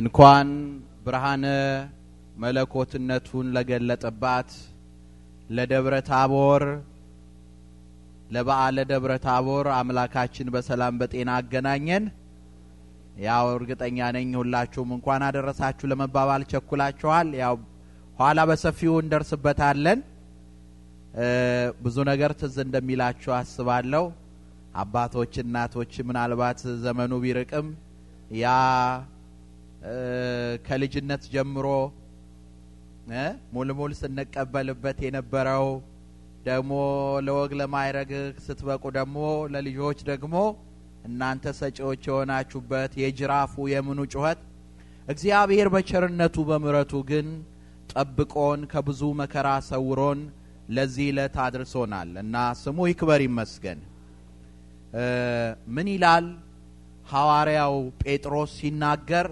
እንኳን ብርሃነ መለኮትነቱን ለገለጠባት ለደብረ ታቦር ለበዓለ ደብረ ታቦር አምላካችን በሰላም በጤና አገናኘን። ያው እርግጠኛ ነኝ ሁላችሁም እንኳን አደረሳችሁ ለመባባል ቸኩላችኋል። ያው ኋላ በሰፊው እንደርስበታለን። ብዙ ነገር ትዝ እንደሚላችሁ አስባለሁ። አባቶች እናቶች፣ ምናልባት ዘመኑ ቢርቅም ያ ከልጅነት ጀምሮ ሙልሙል ስንቀበልበት የነበረው ደግሞ ለወግ ለማይረግ ስትበቁ ደግሞ ለልጆች ደግሞ እናንተ ሰጪዎች የሆናችሁበት የጅራፉ የምኑ ጩኸት እግዚአብሔር በቸርነቱ በምረቱ ግን ጠብቆን ከብዙ መከራ ሰውሮን ለዚህ ዕለት አድርሶናል እና ስሙ ይክበር ይመስገን። ምን ይላል ሐዋርያው ጴጥሮስ ሲናገር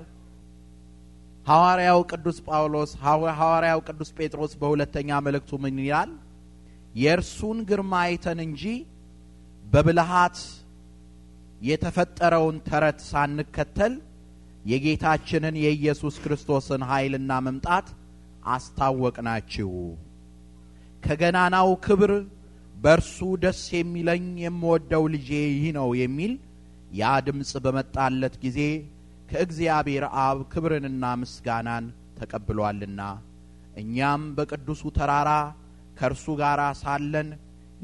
ሐዋርያው ቅዱስ ጳውሎስ ሐዋርያው ቅዱስ ጴጥሮስ በሁለተኛ መልእክቱ ምን ይላል? የእርሱን ግርማ አይተን እንጂ በብልሃት የተፈጠረውን ተረት ሳንከተል የጌታችንን የኢየሱስ ክርስቶስን ኃይልና መምጣት አስታወቅናችሁ። ከገናናው ክብር በእርሱ ደስ የሚለኝ የምወደው ልጄ ይህ ነው የሚል ያ ድምፅ በመጣለት ጊዜ ከእግዚአብሔር አብ ክብርንና ምስጋናን ተቀብሏልና እኛም በቅዱሱ ተራራ ከእርሱ ጋር ሳለን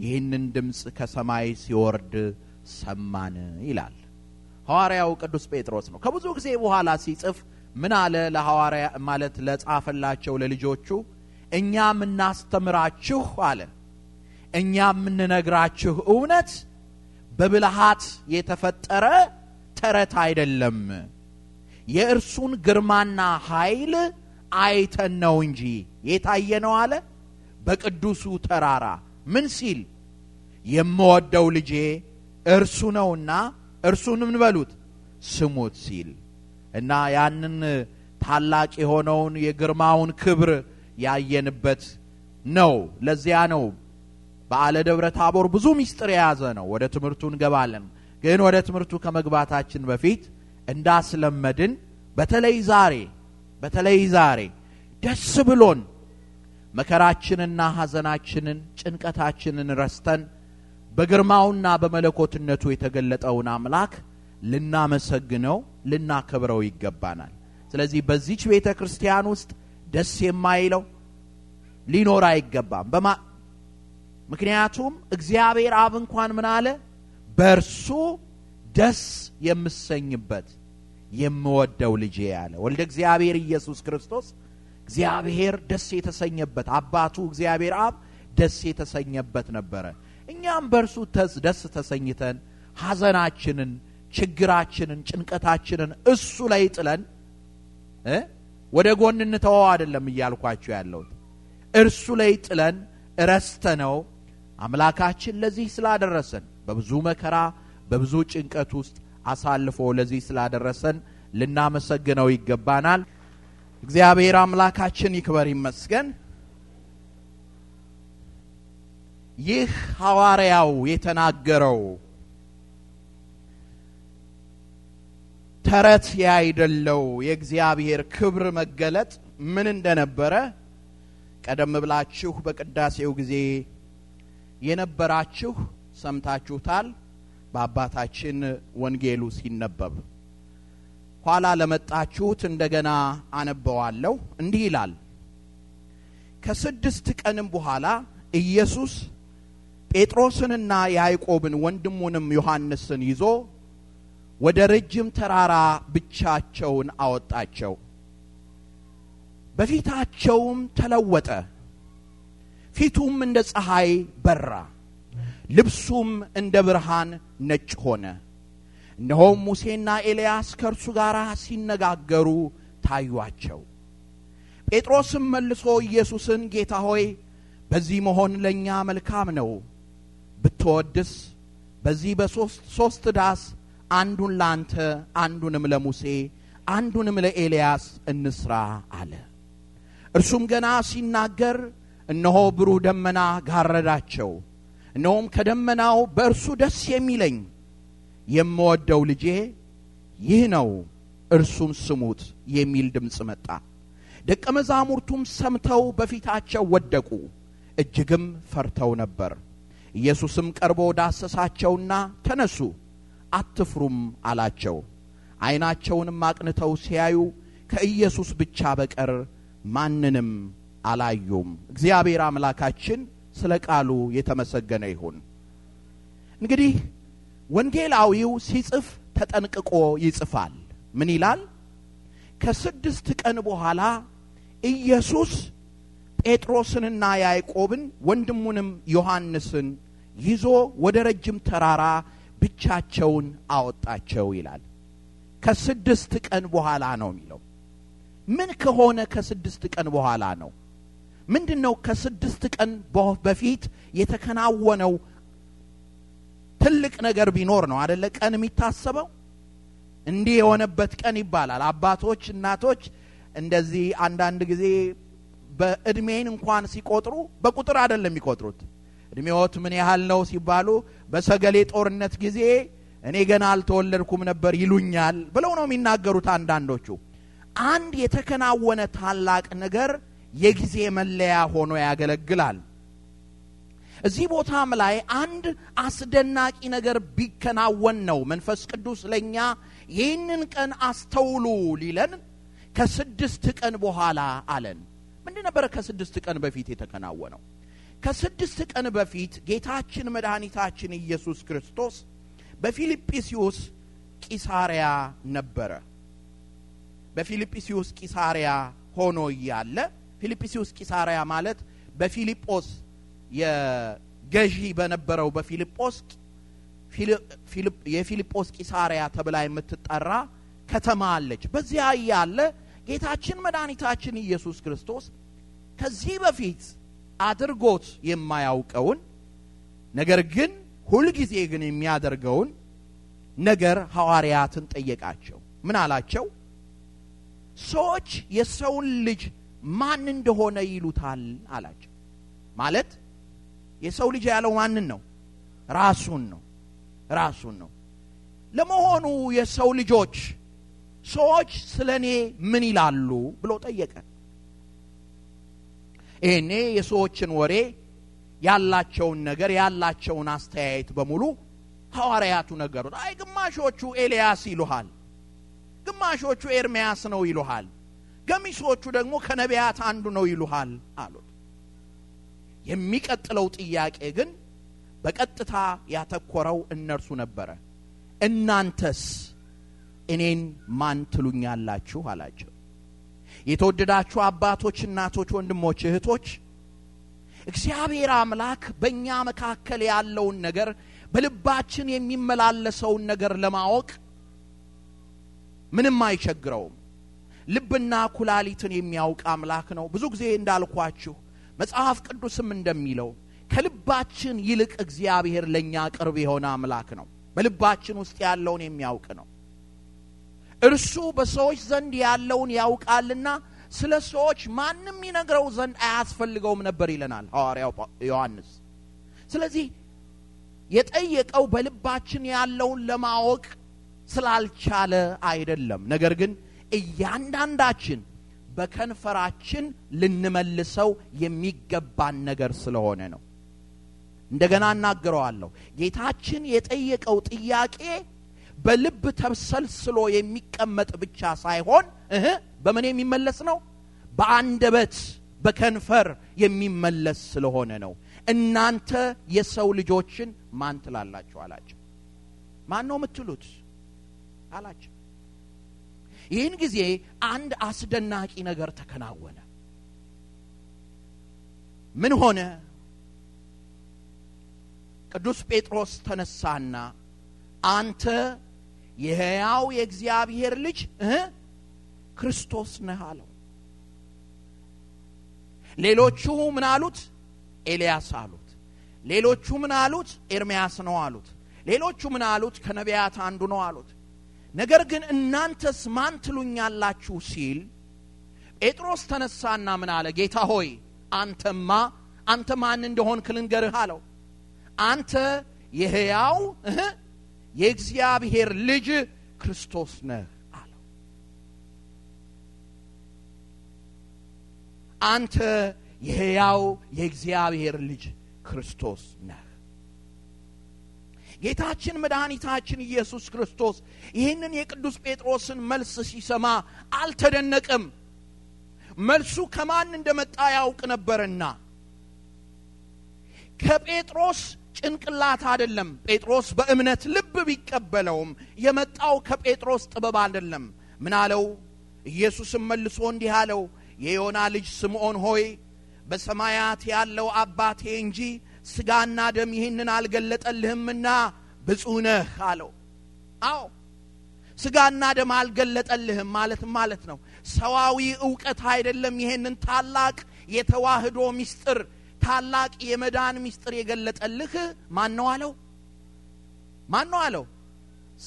ይህንን ድምፅ ከሰማይ ሲወርድ ሰማን ይላል ሐዋርያው ቅዱስ ጴጥሮስ ነው። ከብዙ ጊዜ በኋላ ሲጽፍ ምን አለ? ለሐዋርያ ማለት ለጻፈላቸው ለልጆቹ እኛ እናስተምራችሁ አለ እኛ ምንነግራችሁ እውነት በብልሃት የተፈጠረ ተረት አይደለም የእርሱን ግርማና ኃይል አይተን ነው እንጂ የታየ ነው አለ በቅዱሱ ተራራ ምን ሲል የምወደው ልጄ እርሱ ነውና እርሱን ምን በሉት ስሙት ሲል እና ያንን ታላቅ የሆነውን የግርማውን ክብር ያየንበት ነው። ለዚያ ነው በዓለ ደብረ ታቦር ብዙ ምስጢር የያዘ ነው። ወደ ትምህርቱ እንገባለን። ግን ወደ ትምህርቱ ከመግባታችን በፊት እንዳስለመድን በተለይ ዛሬ በተለይ ዛሬ ደስ ብሎን መከራችንና ሐዘናችንን ጭንቀታችንን ረስተን በግርማውና በመለኮትነቱ የተገለጠውን አምላክ ልናመሰግነው ልናከብረው ይገባናል። ስለዚህ በዚች ቤተ ክርስቲያን ውስጥ ደስ የማይለው ሊኖር አይገባም። ምክንያቱም እግዚአብሔር አብ እንኳን ምን አለ? በእርሱ ደስ የምሰኝበት የምወደው ልጄ ያለ ወልደ እግዚአብሔር ኢየሱስ ክርስቶስ እግዚአብሔር ደስ የተሰኘበት አባቱ እግዚአብሔር አብ ደስ የተሰኘበት ነበረ። እኛም በእርሱ ደስ ተሰኝተን ሐዘናችንን፣ ችግራችንን፣ ጭንቀታችንን እሱ ላይ ጥለን ወደ ጎን እንተወው አይደለም እያልኳችሁ ያለሁት እርሱ ላይ ጥለን እረስተ ነው አምላካችን ለዚህ ስላደረሰን በብዙ መከራ በብዙ ጭንቀት ውስጥ አሳልፎ ለዚህ ስላደረሰን ልናመሰግነው ይገባናል። እግዚአብሔር አምላካችን ይክበር ይመስገን። ይህ ሐዋርያው የተናገረው ተረት ያይደለው የእግዚአብሔር ክብር መገለጥ ምን እንደነበረ ቀደም ብላችሁ በቅዳሴው ጊዜ የነበራችሁ ሰምታችሁታል። በአባታችን ወንጌሉ ሲነበብ ኋላ ለመጣችሁት እንደገና አነበዋለሁ። እንዲህ ይላል። ከስድስት ቀንም በኋላ ኢየሱስ ጴጥሮስንና ያዕቆብን ወንድሙንም ዮሐንስን ይዞ ወደ ረጅም ተራራ ብቻቸውን አወጣቸው። በፊታቸውም ተለወጠ፣ ፊቱም እንደ ፀሐይ በራ። ልብሱም እንደ ብርሃን ነጭ ሆነ። እነሆም ሙሴና ኤልያስ ከእርሱ ጋር ሲነጋገሩ ታዩአቸው። ጴጥሮስም መልሶ ኢየሱስን ጌታ ሆይ በዚህ መሆን ለእኛ መልካም ነው። ብትወድስ በዚህ በሦስት ዳስ አንዱን ለአንተ፣ አንዱንም ለሙሴ፣ አንዱንም ለኤልያስ እንስራ አለ። እርሱም ገና ሲናገር እነሆ ብሩህ ደመና ጋረዳቸው። እነሆም ከደመናው በእርሱ ደስ የሚለኝ የምወደው ልጄ ይህ ነው፣ እርሱን ስሙት የሚል ድምፅ መጣ። ደቀ መዛሙርቱም ሰምተው በፊታቸው ወደቁ፣ እጅግም ፈርተው ነበር። ኢየሱስም ቀርቦ ዳሰሳቸውና ተነሱ፣ አትፍሩም አላቸው። ዐይናቸውንም አቅንተው ሲያዩ ከኢየሱስ ብቻ በቀር ማንንም አላዩም። እግዚአብሔር አምላካችን ስለ ቃሉ የተመሰገነ ይሁን። እንግዲህ ወንጌላዊው ሲጽፍ ተጠንቅቆ ይጽፋል። ምን ይላል? ከስድስት ቀን በኋላ ኢየሱስ ጴጥሮስንና ያዕቆብን ወንድሙንም ዮሐንስን ይዞ ወደ ረጅም ተራራ ብቻቸውን አወጣቸው ይላል። ከስድስት ቀን በኋላ ነው የሚለው። ምን ከሆነ ከስድስት ቀን በኋላ ነው? ምንድን ነው ከስድስት ቀን በፊት የተከናወነው ትልቅ ነገር ቢኖር ነው አደለ ቀን የሚታሰበው እንዲህ የሆነበት ቀን ይባላል አባቶች እናቶች እንደዚህ አንዳንድ ጊዜ በእድሜን እንኳን ሲቆጥሩ በቁጥር አደለም የሚቆጥሩት እድሜዎት ምን ያህል ነው ሲባሉ በሰገሌ ጦርነት ጊዜ እኔ ገና አልተወለድኩም ነበር ይሉኛል ብለው ነው የሚናገሩት አንዳንዶቹ አንድ የተከናወነ ታላቅ ነገር የጊዜ መለያ ሆኖ ያገለግላል። እዚህ ቦታም ላይ አንድ አስደናቂ ነገር ቢከናወን ነው መንፈስ ቅዱስ ለእኛ ይህንን ቀን አስተውሉ ሊለን ከስድስት ቀን በኋላ አለን። ምንድ ነበረ ከስድስት ቀን በፊት የተከናወነው? ከስድስት ቀን በፊት ጌታችን መድኃኒታችን ኢየሱስ ክርስቶስ በፊልጵስዩስ ቂሳሪያ ነበረ። በፊልጵስዩስ ቂሳሪያ ሆኖ እያለ ፊልጵስዩስ ቂሳሪያ ማለት በፊልጶስ የገዢ በነበረው በፊልጶስ የፊልጶስ ቂሳሪያ ተብላ የምትጠራ ከተማ አለች። በዚያ እያለ ጌታችን መድኃኒታችን ኢየሱስ ክርስቶስ ከዚህ በፊት አድርጎት የማያውቀውን ነገር ግን ሁልጊዜ ግን የሚያደርገውን ነገር ሐዋርያትን ጠየቃቸው። ምን አላቸው? ሰዎች የሰውን ልጅ ማን እንደሆነ ይሉታል አላቸው። ማለት የሰው ልጅ ያለው ማንን ነው? ራሱን ነው። ራሱን ነው። ለመሆኑ የሰው ልጆች ሰዎች ስለ እኔ ምን ይላሉ ብሎ ጠየቀ። ይህኔ የሰዎችን ወሬ ያላቸውን ነገር ያላቸውን አስተያየት በሙሉ ሐዋርያቱ ነገሩት። አይ ግማሾቹ ኤልያስ ይሉሃል፣ ግማሾቹ ኤርምያስ ነው ይሉሃል፣ ገሚሶቹ ደግሞ ከነቢያት አንዱ ነው ይሉሃል አሉት። የሚቀጥለው ጥያቄ ግን በቀጥታ ያተኮረው እነርሱ ነበረ። እናንተስ እኔን ማን ትሉኛላችሁ አላቸው። የተወደዳችሁ አባቶች፣ እናቶች፣ ወንድሞች፣ እህቶች እግዚአብሔር አምላክ በእኛ መካከል ያለውን ነገር በልባችን የሚመላለሰውን ነገር ለማወቅ ምንም አይቸግረውም። ልብና ኩላሊትን የሚያውቅ አምላክ ነው። ብዙ ጊዜ እንዳልኳችሁ መጽሐፍ ቅዱስም እንደሚለው ከልባችን ይልቅ እግዚአብሔር ለእኛ ቅርብ የሆነ አምላክ ነው። በልባችን ውስጥ ያለውን የሚያውቅ ነው። እርሱ በሰዎች ዘንድ ያለውን ያውቃልና ስለ ሰዎች ማንም ይነግረው ዘንድ አያስፈልገውም ነበር ይለናል ሐዋርያው ዮሐንስ። ስለዚህ የጠየቀው በልባችን ያለውን ለማወቅ ስላልቻለ አይደለም። ነገር ግን እያንዳንዳችን በከንፈራችን ልንመልሰው የሚገባን ነገር ስለሆነ ነው። እንደገና እናገረዋለሁ። ጌታችን የጠየቀው ጥያቄ በልብ ተብሰልስሎ የሚቀመጥ ብቻ ሳይሆን እህ በምን የሚመለስ ነው? በአንደበት በከንፈር የሚመለስ ስለሆነ ነው። እናንተ የሰው ልጆችን ማን ትላላችሁ አላቸው። ማን ነው የምትሉት አላቸው። ይህን ጊዜ አንድ አስደናቂ ነገር ተከናወነ። ምን ሆነ? ቅዱስ ጴጥሮስ ተነሳና አንተ የሕያው የእግዚአብሔር ልጅ ክርስቶስ ነህ አለው። ሌሎቹ ምን አሉት? ኤልያስ አሉት። ሌሎቹ ምን አሉት? ኤርምያስ ነው አሉት። ሌሎቹ ምን አሉት? ከነቢያት አንዱ ነው አሉት። ነገር ግን እናንተስ ማን ትሉኛላችሁ ሲል ጴጥሮስ ተነሳና ምን አለ? ጌታ ሆይ አንተማ አንተ ማን እንደሆን ክልንገርህ አለው። አንተ የሕያው የእግዚአብሔር ልጅ ክርስቶስ ነህ አለው። አንተ የሕያው የእግዚአብሔር ልጅ ክርስቶስ ነህ። ጌታችን መድኃኒታችን ኢየሱስ ክርስቶስ ይህንን የቅዱስ ጴጥሮስን መልስ ሲሰማ አልተደነቅም። መልሱ ከማን እንደመጣ ያውቅ ነበርና ከጴጥሮስ ጭንቅላት አይደለም ጴጥሮስ በእምነት ልብ ቢቀበለውም የመጣው ከጴጥሮስ ጥበብ አይደለም ምን አለው ኢየሱስም መልሶ እንዲህ አለው የዮና ልጅ ስምዖን ሆይ በሰማያት ያለው አባቴ እንጂ ስጋና ደም ይህንን አልገለጠልህምና ብፁዕ ነህ አለው። አዎ ስጋና ደም አልገለጠልህም ማለት ማለት ነው። ሰዋዊ እውቀት አይደለም። ይህንን ታላቅ የተዋህዶ ምስጢር ታላቅ የመዳን ምስጢር የገለጠልህ ማን ነው አለው። ማን ነው አለው።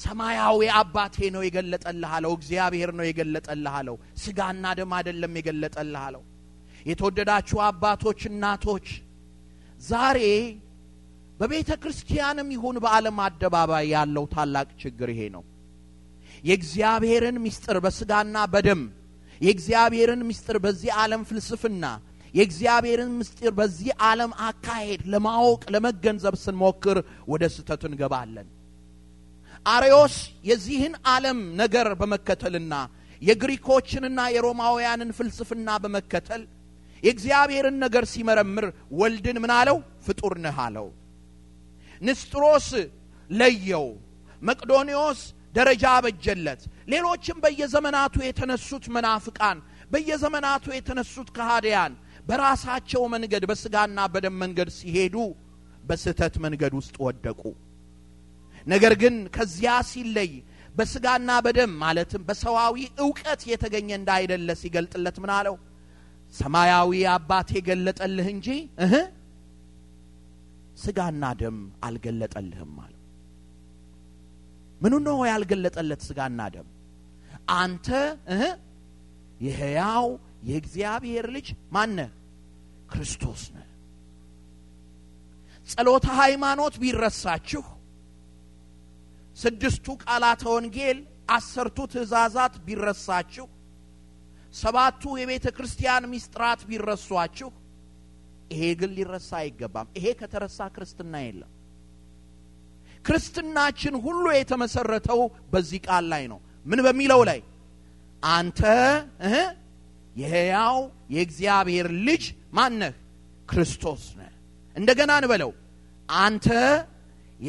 ሰማያዊ አባቴ ነው የገለጠልህ አለው። እግዚአብሔር ነው የገለጠልህ አለው። ስጋና ደም አይደለም የገለጠልህ አለው። የተወደዳችሁ አባቶች፣ እናቶች ዛሬ በቤተ ክርስቲያንም ይሁን በዓለም አደባባይ ያለው ታላቅ ችግር ይሄ ነው። የእግዚአብሔርን ምስጢር በስጋና በደም የእግዚአብሔርን ምስጢር በዚህ ዓለም ፍልስፍና የእግዚአብሔርን ምስጢር በዚህ ዓለም አካሄድ ለማወቅ ለመገንዘብ ስንሞክር ወደ ስህተት እንገባለን። አሬዎስ የዚህን ዓለም ነገር በመከተልና የግሪኮችንና የሮማውያንን ፍልስፍና በመከተል የእግዚአብሔርን ነገር ሲመረምር ወልድን ምን አለው ፍጡር ነህ አለው ንስጥሮስ ለየው መቅዶኒዎስ ደረጃ አበጀለት ሌሎችም በየዘመናቱ የተነሱት መናፍቃን በየዘመናቱ የተነሱት ከሃዲያን በራሳቸው መንገድ በስጋና በደም መንገድ ሲሄዱ በስህተት መንገድ ውስጥ ወደቁ ነገር ግን ከዚያ ሲለይ በስጋና በደም ማለትም በሰዋዊ እውቀት የተገኘ እንዳይደለ ሲገልጥለት ምን አለው ሰማያዊ አባት የገለጠልህ እንጂ እህ ስጋና ደም አልገለጠልህም አለ። ምኑ ነው ያልገለጠለት? ስጋና ደም አንተ እህ የሕያው የእግዚአብሔር ልጅ ማነ ክርስቶስ ነ ጸሎተ ሃይማኖት ቢረሳችሁ ስድስቱ ቃላተ ወንጌል አሰርቱ ትእዛዛት ቢረሳችሁ ሰባቱ የቤተ ክርስቲያን ሚስጥራት ቢረሷችሁ፣ ይሄ ግን ሊረሳ አይገባም። ይሄ ከተረሳ ክርስትና የለም። ክርስትናችን ሁሉ የተመሰረተው በዚህ ቃል ላይ ነው። ምን በሚለው ላይ አንተ የሕያው የእግዚአብሔር ልጅ ማነህ? ክርስቶስ ነህ። እንደገና እንበለው አንተ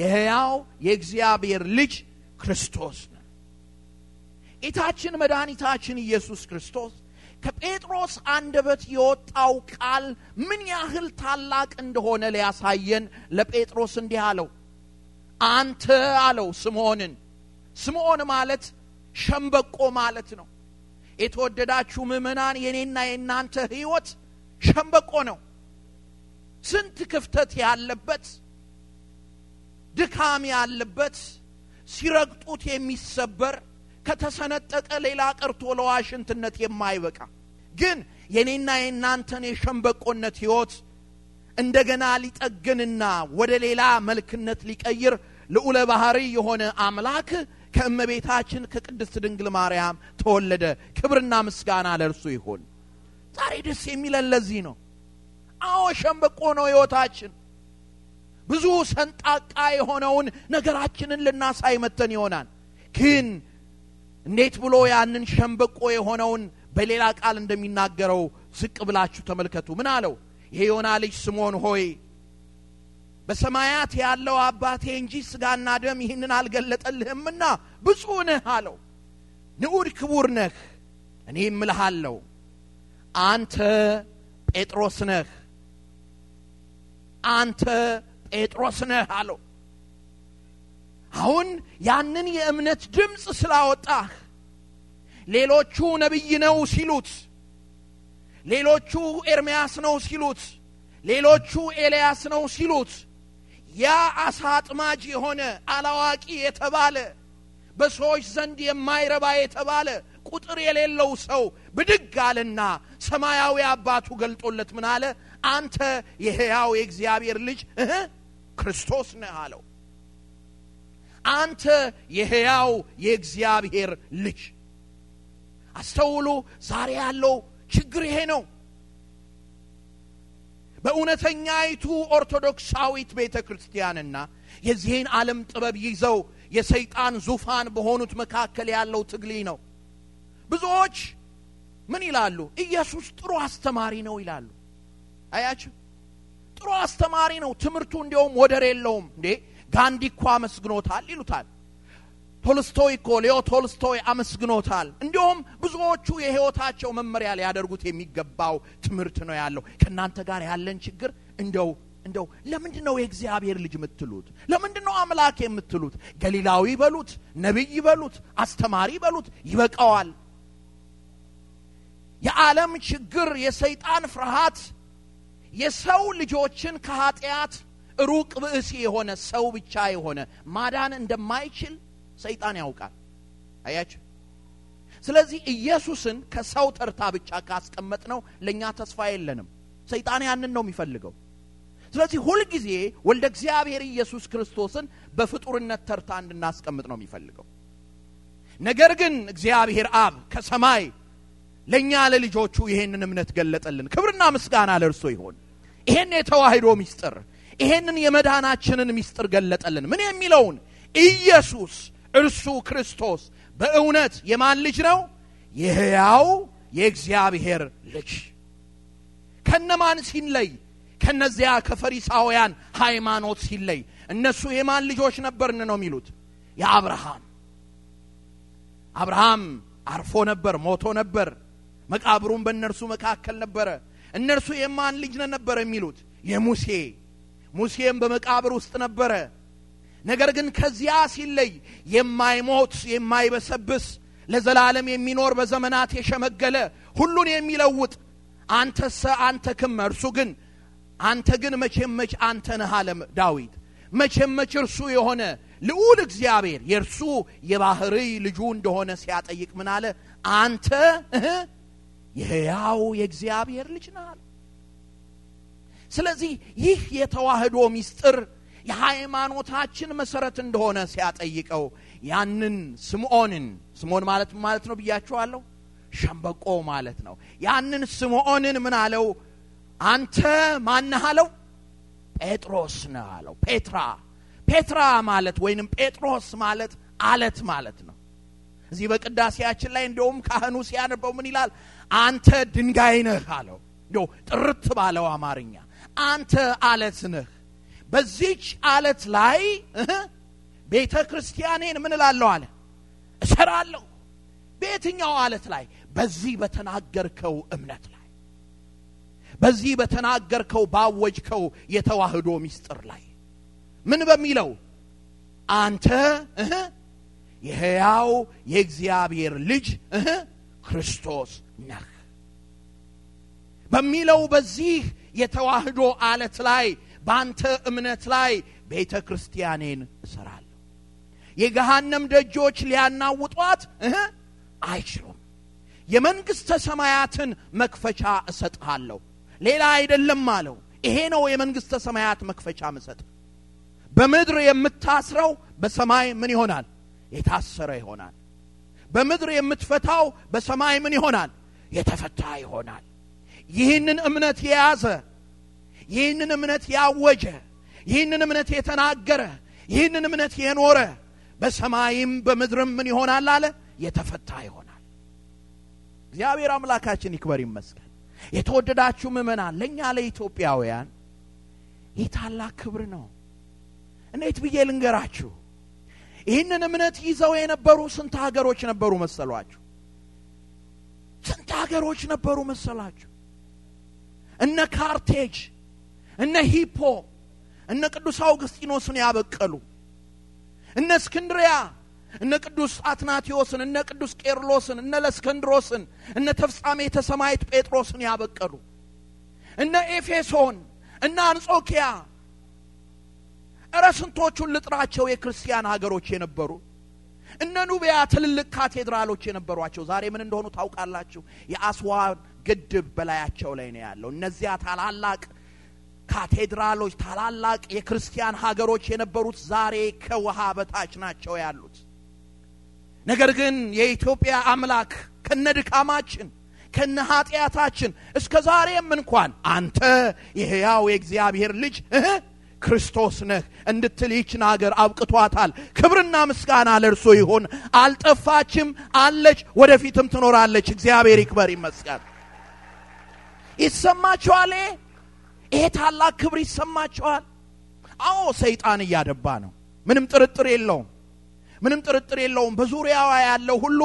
የሕያው የእግዚአብሔር ልጅ ክርስቶስ ጌታችን መድኃኒታችን ኢየሱስ ክርስቶስ ከጴጥሮስ አንደበት የወጣው ቃል ምን ያህል ታላቅ እንደሆነ ሊያሳየን ለጴጥሮስ እንዲህ አለው። አንተ አለው ስምዖንን። ስምዖን ማለት ሸምበቆ ማለት ነው። የተወደዳችሁ ምእመናን፣ የኔና የእናንተ ህይወት ሸምበቆ ነው። ስንት ክፍተት ያለበት፣ ድካም ያለበት፣ ሲረግጡት የሚሰበር ከተሰነጠቀ ሌላ ቀርቶ ለዋሽንትነት የማይበቃ ግን የኔና የእናንተን የሸንበቆነት ህይወት እንደገና ሊጠግንና ወደ ሌላ መልክነት ሊቀይር ልዑለ ባህሪ የሆነ አምላክ ከእመቤታችን ከቅድስት ድንግል ማርያም ተወለደ። ክብርና ምስጋና ለእርሱ ይሁን። ዛሬ ደስ የሚለን ለዚህ ነው። አዎ ሸንበቆ ነው ህይወታችን። ብዙ ሰንጣቃ የሆነውን ነገራችንን ልናሳይ መተን ይሆናል ግን እንዴት ብሎ ያንን ሸንበቆ የሆነውን በሌላ ቃል እንደሚናገረው ዝቅ ብላችሁ ተመልከቱ ምን አለው የዮና ልጅ ስምዖን ሆይ በሰማያት ያለው አባቴ እንጂ ስጋና ደም ይህንን አልገለጠልህምና ብፁዕ ነህ አለው ንዑድ ክቡር ነህ እኔ እምልሃለሁ አንተ ጴጥሮስ ነህ አንተ ጴጥሮስ ነህ አለው አሁን ያንን የእምነት ድምፅ ስላወጣህ ሌሎቹ ነቢይ ነው ሲሉት፣ ሌሎቹ ኤርምያስ ነው ሲሉት፣ ሌሎቹ ኤልያስ ነው ሲሉት ያ አሳ አጥማጅ የሆነ አላዋቂ የተባለ በሰዎች ዘንድ የማይረባ የተባለ ቁጥር የሌለው ሰው ብድግ አለና ሰማያዊ አባቱ ገልጦለት ምን አለ? አንተ የሕያው የእግዚአብሔር ልጅ ክርስቶስ ነህ አለው። አንተ የሕያው የእግዚአብሔር ልጅ አስተውሉ። ዛሬ ያለው ችግር ይሄ ነው። በእውነተኛይቱ ኦርቶዶክሳዊት ቤተ ክርስቲያንና የዚህን ዓለም ጥበብ ይዘው የሰይጣን ዙፋን በሆኑት መካከል ያለው ትግል ነው። ብዙዎች ምን ይላሉ? ኢየሱስ ጥሩ አስተማሪ ነው ይላሉ። አያችሁ፣ ጥሩ አስተማሪ ነው። ትምህርቱ እንዲያውም ወደር የለውም እንዴ ጋንዲ እኮ አመስግኖታል ይሉታል። ቶልስቶይ እኮ ሌዮ ቶልስቶይ አመስግኖታል። እንዲሁም ብዙዎቹ የህይወታቸው መመሪያ ሊያደርጉት የሚገባው ትምህርት ነው ያለው። ከእናንተ ጋር ያለን ችግር እንደው እንደው ለምንድን ነው የእግዚአብሔር ልጅ የምትሉት? ለምንድን ነው አምላክ የምትሉት? ገሊላዊ በሉት፣ ነቢይ በሉት፣ አስተማሪ በሉት፣ ይበቃዋል። የዓለም ችግር፣ የሰይጣን ፍርሃት የሰው ልጆችን ከኃጢአት ሩቅ ብእሲ የሆነ ሰው ብቻ የሆነ ማዳን እንደማይችል ሰይጣን ያውቃል። አያቸው ስለዚህ ኢየሱስን ከሰው ተርታ ብቻ ካስቀመጥ ነው ለእኛ ተስፋ የለንም። ሰይጣን ያንን ነው የሚፈልገው። ስለዚህ ሁልጊዜ ወልደ እግዚአብሔር ኢየሱስ ክርስቶስን በፍጡርነት ተርታ እንድናስቀምጥ ነው የሚፈልገው። ነገር ግን እግዚአብሔር አብ ከሰማይ ለእኛ ለልጆቹ ይሄንን እምነት ገለጠልን። ክብርና ምስጋና ለእርሶ ይሆን። ይሄን የተዋህዶ ምስጢር ይሄንን የመዳናችንን ምስጢር ገለጠልን። ምን የሚለውን ኢየሱስ እርሱ ክርስቶስ በእውነት የማን ልጅ ነው? የሕያው የእግዚአብሔር ልጅ። ከነማን ሲለይ? ከነዚያ ከፈሪሳውያን ሃይማኖት ሲለይ። እነሱ የማን ልጆች ነበርን ነው የሚሉት? የአብርሃም አብርሃም አርፎ ነበር፣ ሞቶ ነበር። መቃብሩም በእነርሱ መካከል ነበረ። እነርሱ የማን ልጅ ነበር የሚሉት? የሙሴ ሙሴም በመቃብር ውስጥ ነበረ። ነገር ግን ከዚያ ሲለይ የማይሞት የማይበሰብስ ለዘላለም የሚኖር በዘመናት የሸመገለ ሁሉን የሚለውጥ አንተሰ አንተ ክም እርሱ ግን አንተ ግን መቼም መች አንተ ነህ አለም ዳዊት መቼም መች እርሱ የሆነ ልዑል እግዚአብሔር የእርሱ የባህሪ ልጁ እንደሆነ ሲያጠይቅ ምን አለ? አንተ የሕያው የእግዚአብሔር ልጅ ነህ አለ። ስለዚህ ይህ የተዋህዶ ምስጢር የሃይማኖታችን መሰረት እንደሆነ ሲያጠይቀው ያንን ስምዖንን ስምዖን ማለት ማለት ነው ብያችኋለሁ ሸምበቆ ማለት ነው ያንን ስምዖንን ምን አለው አንተ ማነህ አለው ጴጥሮስ ነህ አለው ፔትራ ፔትራ ማለት ወይንም ጴጥሮስ ማለት አለት ማለት ነው እዚህ በቅዳሴያችን ላይ እንደውም ካህኑ ሲያነበው ምን ይላል አንተ ድንጋይ ነህ አለው እንዲው ጥርት ባለው አማርኛ አንተ አለት ነህ። በዚች አለት ላይ ቤተ ክርስቲያኔን ምን እላለሁ አለ እሰራለሁ። በየትኛው አለት ላይ? በዚህ በተናገርከው እምነት ላይ፣ በዚህ በተናገርከው ባወጅከው የተዋህዶ ምስጢር ላይ ምን በሚለው አንተ የሕያው የእግዚአብሔር ልጅ ክርስቶስ ነህ በሚለው በዚህ የተዋህዶ አለት ላይ በአንተ እምነት ላይ ቤተ ክርስቲያኔን እሰራለሁ የገሃነም ደጆች ሊያናውጧት አይችሉም የመንግሥተ ሰማያትን መክፈቻ እሰጥሃለሁ ሌላ አይደለም አለው ይሄ ነው የመንግሥተ ሰማያት መክፈቻ ምሰጥ በምድር የምታስረው በሰማይ ምን ይሆናል የታሰረ ይሆናል በምድር የምትፈታው በሰማይ ምን ይሆናል የተፈታ ይሆናል ይህንን እምነት የያዘ ይህንን እምነት ያወጀ፣ ይህንን እምነት የተናገረ፣ ይህንን እምነት የኖረ በሰማይም በምድርም ምን ይሆናል አለ የተፈታ ይሆናል። እግዚአብሔር አምላካችን ይክበር ይመስገን። የተወደዳችሁ ምእመናን፣ ለእኛ ለኢትዮጵያውያን ይህ ታላቅ ክብር ነው። እንዴት ብዬ ልንገራችሁ? ይህንን እምነት ይዘው የነበሩ ስንት ሀገሮች ነበሩ መሰሏችሁ? ስንት ሀገሮች ነበሩ መሰላችሁ? እነ ካርቴጅ እነ ሂፖ እነ ቅዱስ አውግስጢኖስን ያበቀሉ እነ እስክንድሪያ እነ ቅዱስ አትናቴዎስን እነ ቅዱስ ቄርሎስን እነ ለስከንድሮስን እነ ተፍጻሜ ሰማዕት ጴጥሮስን ያበቀሉ እነ ኤፌሶን እነ አንጾኪያ እረ ስንቶቹን ልጥራቸው የክርስቲያን ሀገሮች የነበሩ እነ ኑቢያ ትልልቅ ካቴድራሎች የነበሯቸው ዛሬ ምን እንደሆኑ ታውቃላችሁ የአስዋን ግድብ በላያቸው ላይ ነው ያለው እነዚያ ታላላቅ ካቴድራሎች፣ ታላላቅ የክርስቲያን ሀገሮች የነበሩት ዛሬ ከውሃ በታች ናቸው ያሉት። ነገር ግን የኢትዮጵያ አምላክ ከነ ድካማችን ከነ ኃጢአታችን እስከ ዛሬም እንኳን አንተ የሕያው የእግዚአብሔር ልጅ ክርስቶስ ነህ እንድትል ይችን አገር አብቅቷታል። ክብርና ምስጋና ለእርሶ ይሁን። አልጠፋችም፣ አለች፣ ወደፊትም ትኖራለች። እግዚአብሔር ይክበር ይመስጋል። ይሰማችኋል? ይሄ ታላቅ ክብር ይሰማቸዋል አዎ ሰይጣን እያደባ ነው ምንም ጥርጥር የለውም ምንም ጥርጥር የለውም በዙሪያዋ ያለው ሁሉ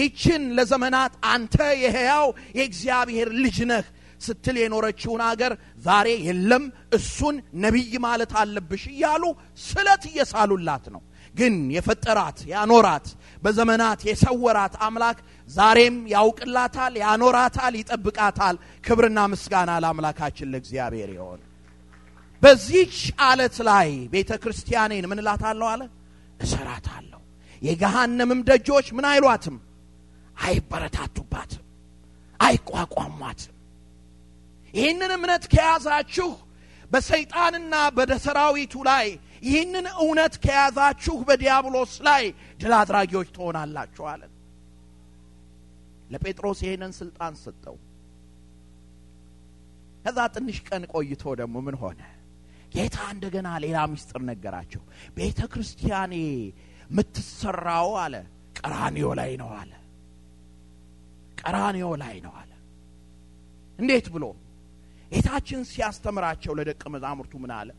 ይችን ለዘመናት አንተ የህያው የእግዚአብሔር ልጅ ነህ ስትል የኖረችውን አገር ዛሬ የለም እሱን ነቢይ ማለት አለብሽ እያሉ ስለት እየሳሉላት ነው ግን የፈጠራት ያኖራት በዘመናት የሰወራት አምላክ ዛሬም ያውቅላታል፣ ያኖራታል፣ ይጠብቃታል። ክብርና ምስጋና ለአምላካችን ለእግዚአብሔር ይሆን። በዚች አለት ላይ ቤተ ክርስቲያኔን ምን እላታለሁ አለ እሰራታለሁ። የገሃነምም ደጆች ምን አይሏትም፣ አይበረታቱባትም፣ አይቋቋሟትም። ይህንን እምነት ከያዛችሁ በሰይጣንና በደሰራዊቱ ላይ ይህንን እውነት ከያዛችሁ በዲያብሎስ ላይ ድል አድራጊዎች ትሆናላችሁ ለጴጥሮስ ይህንን ስልጣን ሰጠው ከዛ ትንሽ ቀን ቆይቶ ደግሞ ምን ሆነ ጌታ እንደገና ሌላ ምስጢር ነገራቸው ቤተ ክርስቲያኔ የምትሰራው አለ ቀራኒዮ ላይ ነው አለ ቀራኒዮ ላይ ነው አለ እንዴት ብሎ ጌታችን ሲያስተምራቸው ለደቀ መዛሙርቱ ምን አለ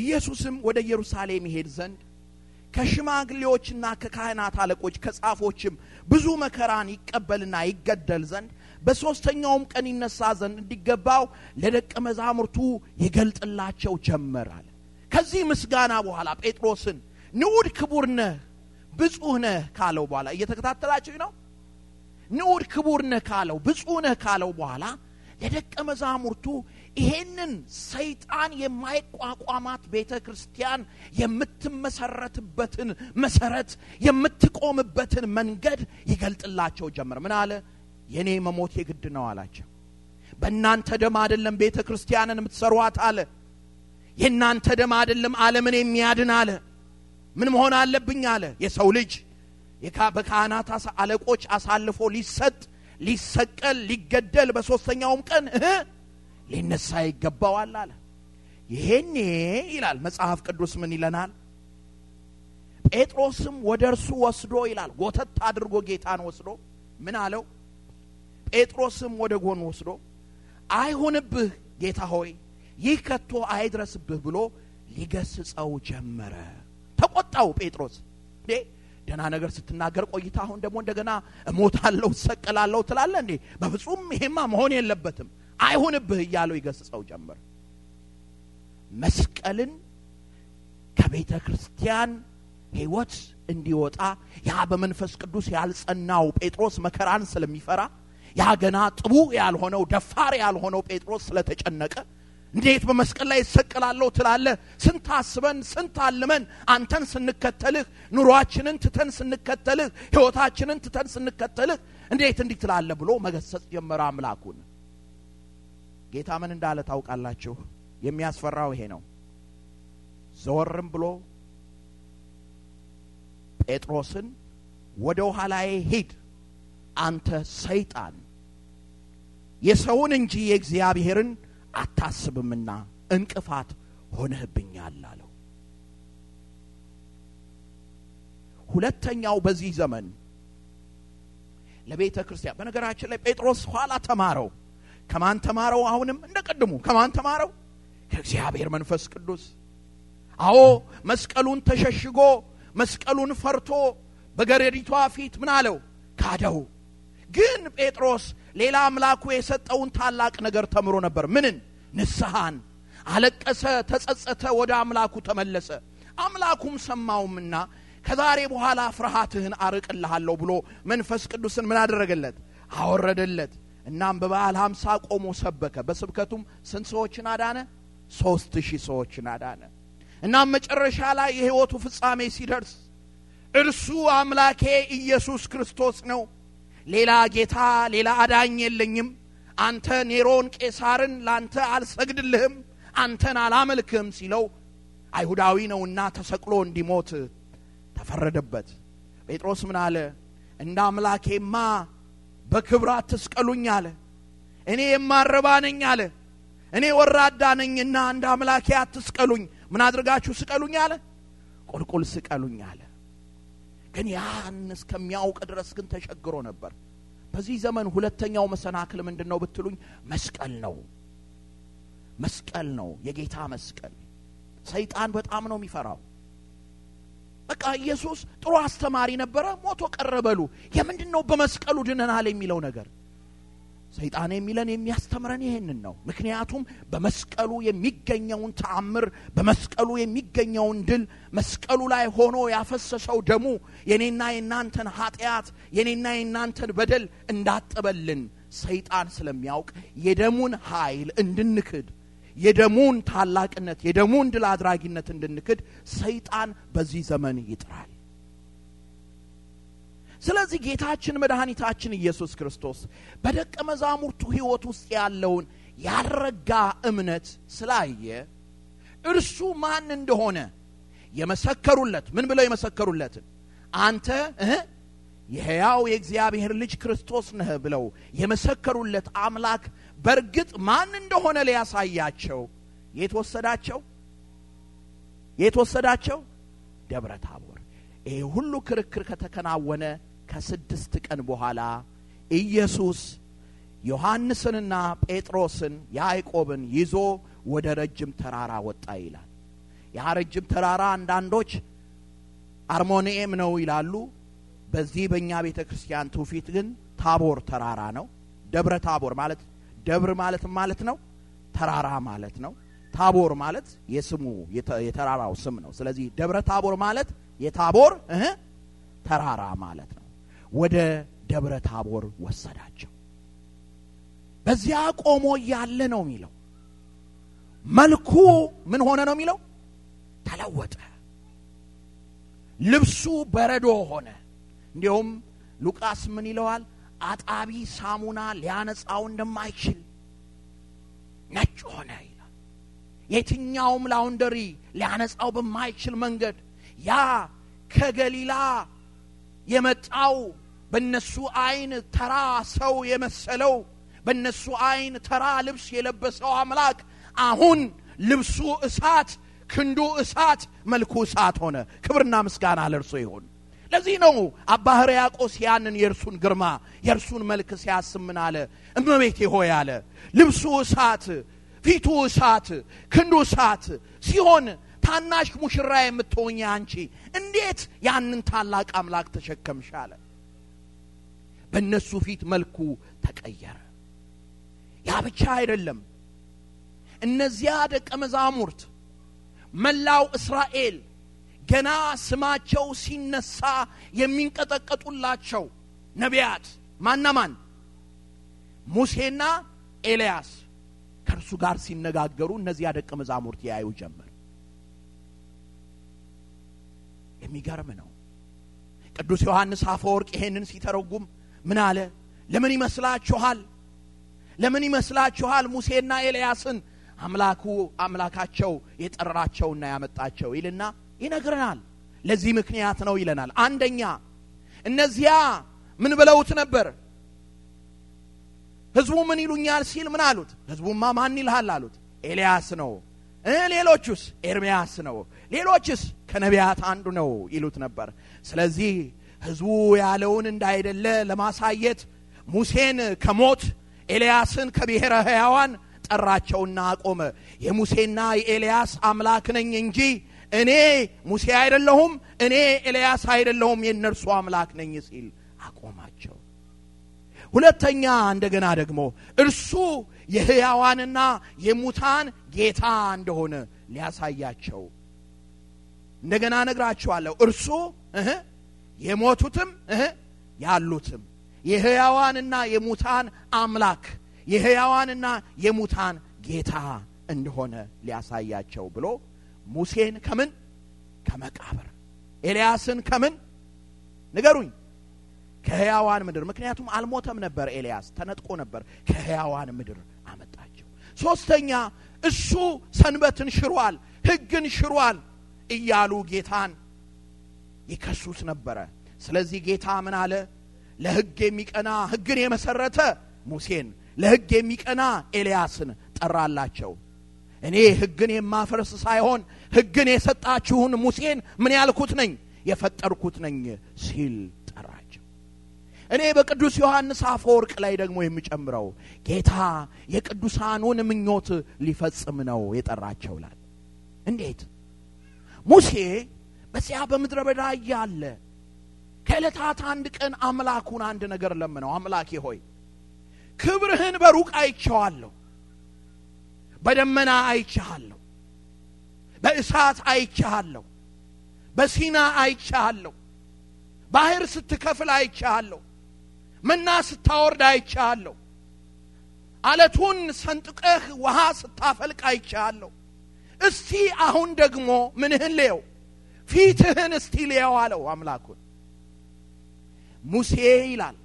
ኢየሱስም ወደ ኢየሩሳሌም ይሄድ ዘንድ ከሽማግሌዎችና ከካህናት አለቆች ከጻፎችም ብዙ መከራን ይቀበልና ይገደል ዘንድ በሦስተኛውም ቀን ይነሳ ዘንድ እንዲገባው ለደቀ መዛሙርቱ ይገልጥላቸው ጀመር አለ። ከዚህ ምስጋና በኋላ ጴጥሮስን ንዑድ ክቡር ነህ ብፁህ ነህ ካለው በኋላ እየተከታተላችሁ ነው። ንዑድ ክቡር ነህ ካለው ብፁህ ነህ ካለው በኋላ ለደቀ መዛሙርቱ ይሄንን ሰይጣን የማይቋቋማት ቤተ ክርስቲያን የምትመሰረትበትን መሰረት የምትቆምበትን መንገድ ይገልጥላቸው ጀምር ምን አለ የእኔ መሞት የግድ ነው አላቸው በእናንተ ደም አይደለም ቤተ ክርስቲያንን የምትሰሯት አለ የእናንተ ደም አይደለም አለምን የሚያድን አለ ምን መሆን አለብኝ አለ የሰው ልጅ በካህናት አለቆች አሳልፎ ሊሰጥ ሊሰቀል ሊገደል በሶስተኛውም ቀን ሊነሳ ይገባዋል አለ ይሄኔ ይላል መጽሐፍ ቅዱስ ምን ይለናል ጴጥሮስም ወደ እርሱ ወስዶ ይላል ጎተት አድርጎ ጌታን ወስዶ ምን አለው ጴጥሮስም ወደ ጎን ወስዶ አይሁንብህ ጌታ ሆይ ይህ ከቶ አይድረስብህ ብሎ ሊገስጸው ጀመረ ተቆጣው ጴጥሮስ እንዴ ደና ነገር ስትናገር ቆይታ አሁን ደግሞ እንደገና እሞታለሁ እሰቀላለሁ ትላለ እንዴ በፍጹም ይሄማ መሆን የለበትም አይሁንብህ እያለው ይገስጸው ጀመር። መስቀልን ከቤተ ክርስቲያን ህይወት እንዲወጣ ያ በመንፈስ ቅዱስ ያልጸናው ጴጥሮስ መከራን ስለሚፈራ ያ ገና ጥቡ ያልሆነው ደፋር ያልሆነው ጴጥሮስ ስለተጨነቀ እንዴት በመስቀል ላይ ይሰቀላለሁ ትላለ? ስንት አስበን ስንት አልመን አንተን ስንከተልህ ኑሯችንን ትተን ስንከተልህ ህይወታችንን ትተን ስንከተልህ እንዴት እንዲህ ትላለህ ብሎ መገሰጽ ጀመረ አምላኩን። ጌታ ምን እንዳለ ታውቃላችሁ? የሚያስፈራው ይሄ ነው። ዘወርም ብሎ ጴጥሮስን ወደ ኋላዬ ሂድ አንተ ሰይጣን፣ የሰውን እንጂ የእግዚአብሔርን አታስብምና እንቅፋት ሆነህብኛል አለው። ሁለተኛው በዚህ ዘመን ለቤተ ክርስቲያን በነገራችን ላይ ጴጥሮስ ኋላ ተማረው ከማን ተማረው? አሁንም እንደ ቀድሙ ከማን ተማረው? ከእግዚአብሔር መንፈስ ቅዱስ። አዎ መስቀሉን ተሸሽጎ መስቀሉን ፈርቶ በገረዲቷ ፊት ምን አለው? ካደው። ግን ጴጥሮስ ሌላ አምላኩ የሰጠውን ታላቅ ነገር ተምሮ ነበር። ምንን? ንስሐን። አለቀሰ፣ ተጸጸተ፣ ወደ አምላኩ ተመለሰ። አምላኩም ሰማውምና ከዛሬ በኋላ ፍርሃትህን አርቅልሃለሁ ብሎ መንፈስ ቅዱስን ምን አደረገለት? አወረደለት። እናም በበዓል ሀምሳ ቆሞ ሰበከ። በስብከቱም ስንት ሰዎችን አዳነ? ሶስት ሺህ ሰዎችን አዳነ። እናም መጨረሻ ላይ የሕይወቱ ፍጻሜ ሲደርስ እርሱ አምላኬ ኢየሱስ ክርስቶስ ነው፣ ሌላ ጌታ፣ ሌላ አዳኝ የለኝም። አንተ ኔሮን ቄሳርን ላንተ አልሰግድልህም፣ አንተን አላመልክህም ሲለው አይሁዳዊ ነውና ተሰቅሎ እንዲሞት ተፈረደበት። ጴጥሮስ ምን አለ? እንደ አምላኬማ በክብር አትስቀሉኝ አለ። እኔ የማረባ ነኝ አለ። እኔ ወራዳ ነኝና እንደ አምላኬ አትስቀሉኝ። ምን አድርጋችሁ ስቀሉኝ አለ? ቁልቁል ስቀሉኝ አለ። ግን ያን እስከሚያውቅ ድረስ ግን ተቸግሮ ነበር። በዚህ ዘመን ሁለተኛው መሰናክል ምንድን ነው ብትሉኝ፣ መስቀል ነው። መስቀል ነው፣ የጌታ መስቀል። ሰይጣን በጣም ነው የሚፈራው። በቃ ኢየሱስ ጥሩ አስተማሪ ነበረ፣ ሞቶ ቀረበሉ። የምንድን ነው በመስቀሉ ድነናል የሚለው ነገር ሰይጣን የሚለን የሚያስተምረን ይሄንን ነው። ምክንያቱም በመስቀሉ የሚገኘውን ተአምር፣ በመስቀሉ የሚገኘውን ድል፣ መስቀሉ ላይ ሆኖ ያፈሰሰው ደሙ የኔና የናንተን ኃጢአት፣ የኔና የናንተን በደል እንዳጠበልን ሰይጣን ስለሚያውቅ የደሙን ኃይል እንድንክድ የደሙን ታላቅነት የደሙን ድል አድራጊነት እንድንክድ ሰይጣን በዚህ ዘመን ይጥራል ስለዚህ ጌታችን መድኃኒታችን ኢየሱስ ክርስቶስ በደቀ መዛሙርቱ ህይወት ውስጥ ያለውን ያረጋ እምነት ስላየ እርሱ ማን እንደሆነ የመሰከሩለት ምን ብለው የመሰከሩለትን አንተ እህ የሕያው የእግዚአብሔር ልጅ ክርስቶስ ነህ ብለው የመሰከሩለት አምላክ በእርግጥ ማን እንደሆነ ሊያሳያቸው የት ወሰዳቸው ደብረ ታቦር። ይሄ ሁሉ ክርክር ከተከናወነ ከስድስት ቀን በኋላ ኢየሱስ ዮሐንስንና ጴጥሮስን ያዕቆብን ይዞ ወደ ረጅም ተራራ ወጣ ይላል። ያ ረጅም ተራራ አንዳንዶች አርሞንኤም ነው ይላሉ። በዚህ በእኛ ቤተ ክርስቲያን ትውፊት ግን ታቦር ተራራ ነው። ደብረ ታቦር ማለት ደብር ማለት ማለት ነው ተራራ ማለት ነው። ታቦር ማለት የስሙ የተራራው ስም ነው። ስለዚህ ደብረ ታቦር ማለት የታቦር እህ ተራራ ማለት ነው። ወደ ደብረ ታቦር ወሰዳቸው። በዚያ ቆሞ እያለ ነው የሚለው መልኩ ምን ሆነ ነው የሚለው ተለወጠ። ልብሱ በረዶ ሆነ። እንዲሁም ሉቃስ ምን ይለዋል? አጣቢ ሳሙና ሊያነጻው እንደማይችል ነጭ ሆነ ይላል። የትኛውም ላውንደሪ ሊያነጻው በማይችል መንገድ ያ ከገሊላ የመጣው በእነሱ አይን ተራ ሰው የመሰለው በእነሱ አይን ተራ ልብስ የለበሰው አምላክ አሁን ልብሱ እሳት፣ ክንዱ እሳት፣ መልኩ እሳት ሆነ። ክብርና ምስጋና ለእርሶ ይሁን። ለዚህ ነው አባ ሕርያቆስ ያንን የእርሱን ግርማ የእርሱን መልክ ሲያስምን አለ? እመቤቴ ሆይ አለ። ልብሱ እሳት፣ ፊቱ እሳት፣ ክንዱ እሳት ሲሆን ታናሽ ሙሽራ የምትሆኝ አንቺ እንዴት ያንን ታላቅ አምላክ ተሸከምሽ? አለ። በእነሱ ፊት መልኩ ተቀየረ። ያ ብቻ አይደለም። እነዚያ ደቀ መዛሙርት መላው እስራኤል ገና ስማቸው ሲነሳ የሚንቀጠቀጡላቸው ነቢያት ማና ማን? ሙሴና ኤልያስ ከእርሱ ጋር ሲነጋገሩ እነዚያ ደቀ መዛሙርት ያዩ ጀመር። የሚገርም ነው። ቅዱስ ዮሐንስ አፈወርቅ ይሄንን ሲተረጉም ምን አለ? ለምን ይመስላችኋል? ለምን ይመስላችኋል ሙሴና ኤልያስን አምላኩ አምላካቸው የጠራቸውና ያመጣቸው ይልና ይነግረናል። ለዚህ ምክንያት ነው ይለናል። አንደኛ እነዚያ ምን ብለውት ነበር? ህዝቡ ምን ይሉኛል ሲል ምን አሉት? ህዝቡማ ማን ይልሃል አሉት። ኤልያስ ነው። ሌሎቹስ? ኤርምያስ ነው። ሌሎችስ? ከነቢያት አንዱ ነው ይሉት ነበር። ስለዚህ ህዝቡ ያለውን እንዳይደለ ለማሳየት ሙሴን ከሞት ኤልያስን ከብሔረ ሕያዋን ጠራቸውና አቆመ። የሙሴና የኤልያስ አምላክ ነኝ እንጂ እኔ ሙሴ አይደለሁም፣ እኔ ኤልያስ አይደለሁም፣ የእነርሱ አምላክ ነኝ ሲል አቆማቸው። ሁለተኛ እንደገና ደግሞ እርሱ የሕያዋንና የሙታን ጌታ እንደሆነ ሊያሳያቸው እንደገና ነግራችኋለሁ። እርሱ የሞቱትም ያሉትም የሕያዋንና የሙታን አምላክ የሕያዋንና የሙታን ጌታ እንደሆነ ሊያሳያቸው ብሎ ሙሴን ከምን ከመቃብር ኤልያስን ከምን ንገሩኝ ከህያዋን ምድር ምክንያቱም አልሞተም ነበር ኤልያስ ተነጥቆ ነበር ከህያዋን ምድር አመጣቸው ሶስተኛ እሱ ሰንበትን ሽሯል ህግን ሽሯል እያሉ ጌታን ይከሱት ነበረ ስለዚህ ጌታ ምን አለ ለህግ የሚቀና ህግን የመሰረተ ሙሴን ለህግ የሚቀና ኤልያስን ጠራላቸው እኔ ህግን የማፈርስ ሳይሆን ህግን የሰጣችሁን ሙሴን ምን ያልኩት ነኝ የፈጠርኩት ነኝ ሲል ጠራቸው። እኔ በቅዱስ ዮሐንስ አፈወርቅ ላይ ደግሞ የሚጨምረው ጌታ የቅዱሳኑን ምኞት ሊፈጽም ነው የጠራቸው ላል። እንዴት ሙሴ በዚያ በምድረ በዳ እያለ ከዕለታት አንድ ቀን አምላኩን አንድ ነገር ለምነው፣ አምላኬ ሆይ ክብርህን በሩቅ አይቸዋለሁ በደመና አይቻሃለሁ፣ በእሳት አይቻሃለሁ፣ በሲና አይቻሃለሁ፣ ባህር ስትከፍል አይቻሃለሁ፣ መና ስታወርድ አይቻሃለሁ፣ አለቱን ሰንጥቀህ ውሃ ስታፈልቅ አይቻሃለሁ። እስቲ አሁን ደግሞ ምንህን ልየው? ፊትህን እስቲ ልየው አለው አምላኩን። ሙሴ ይላል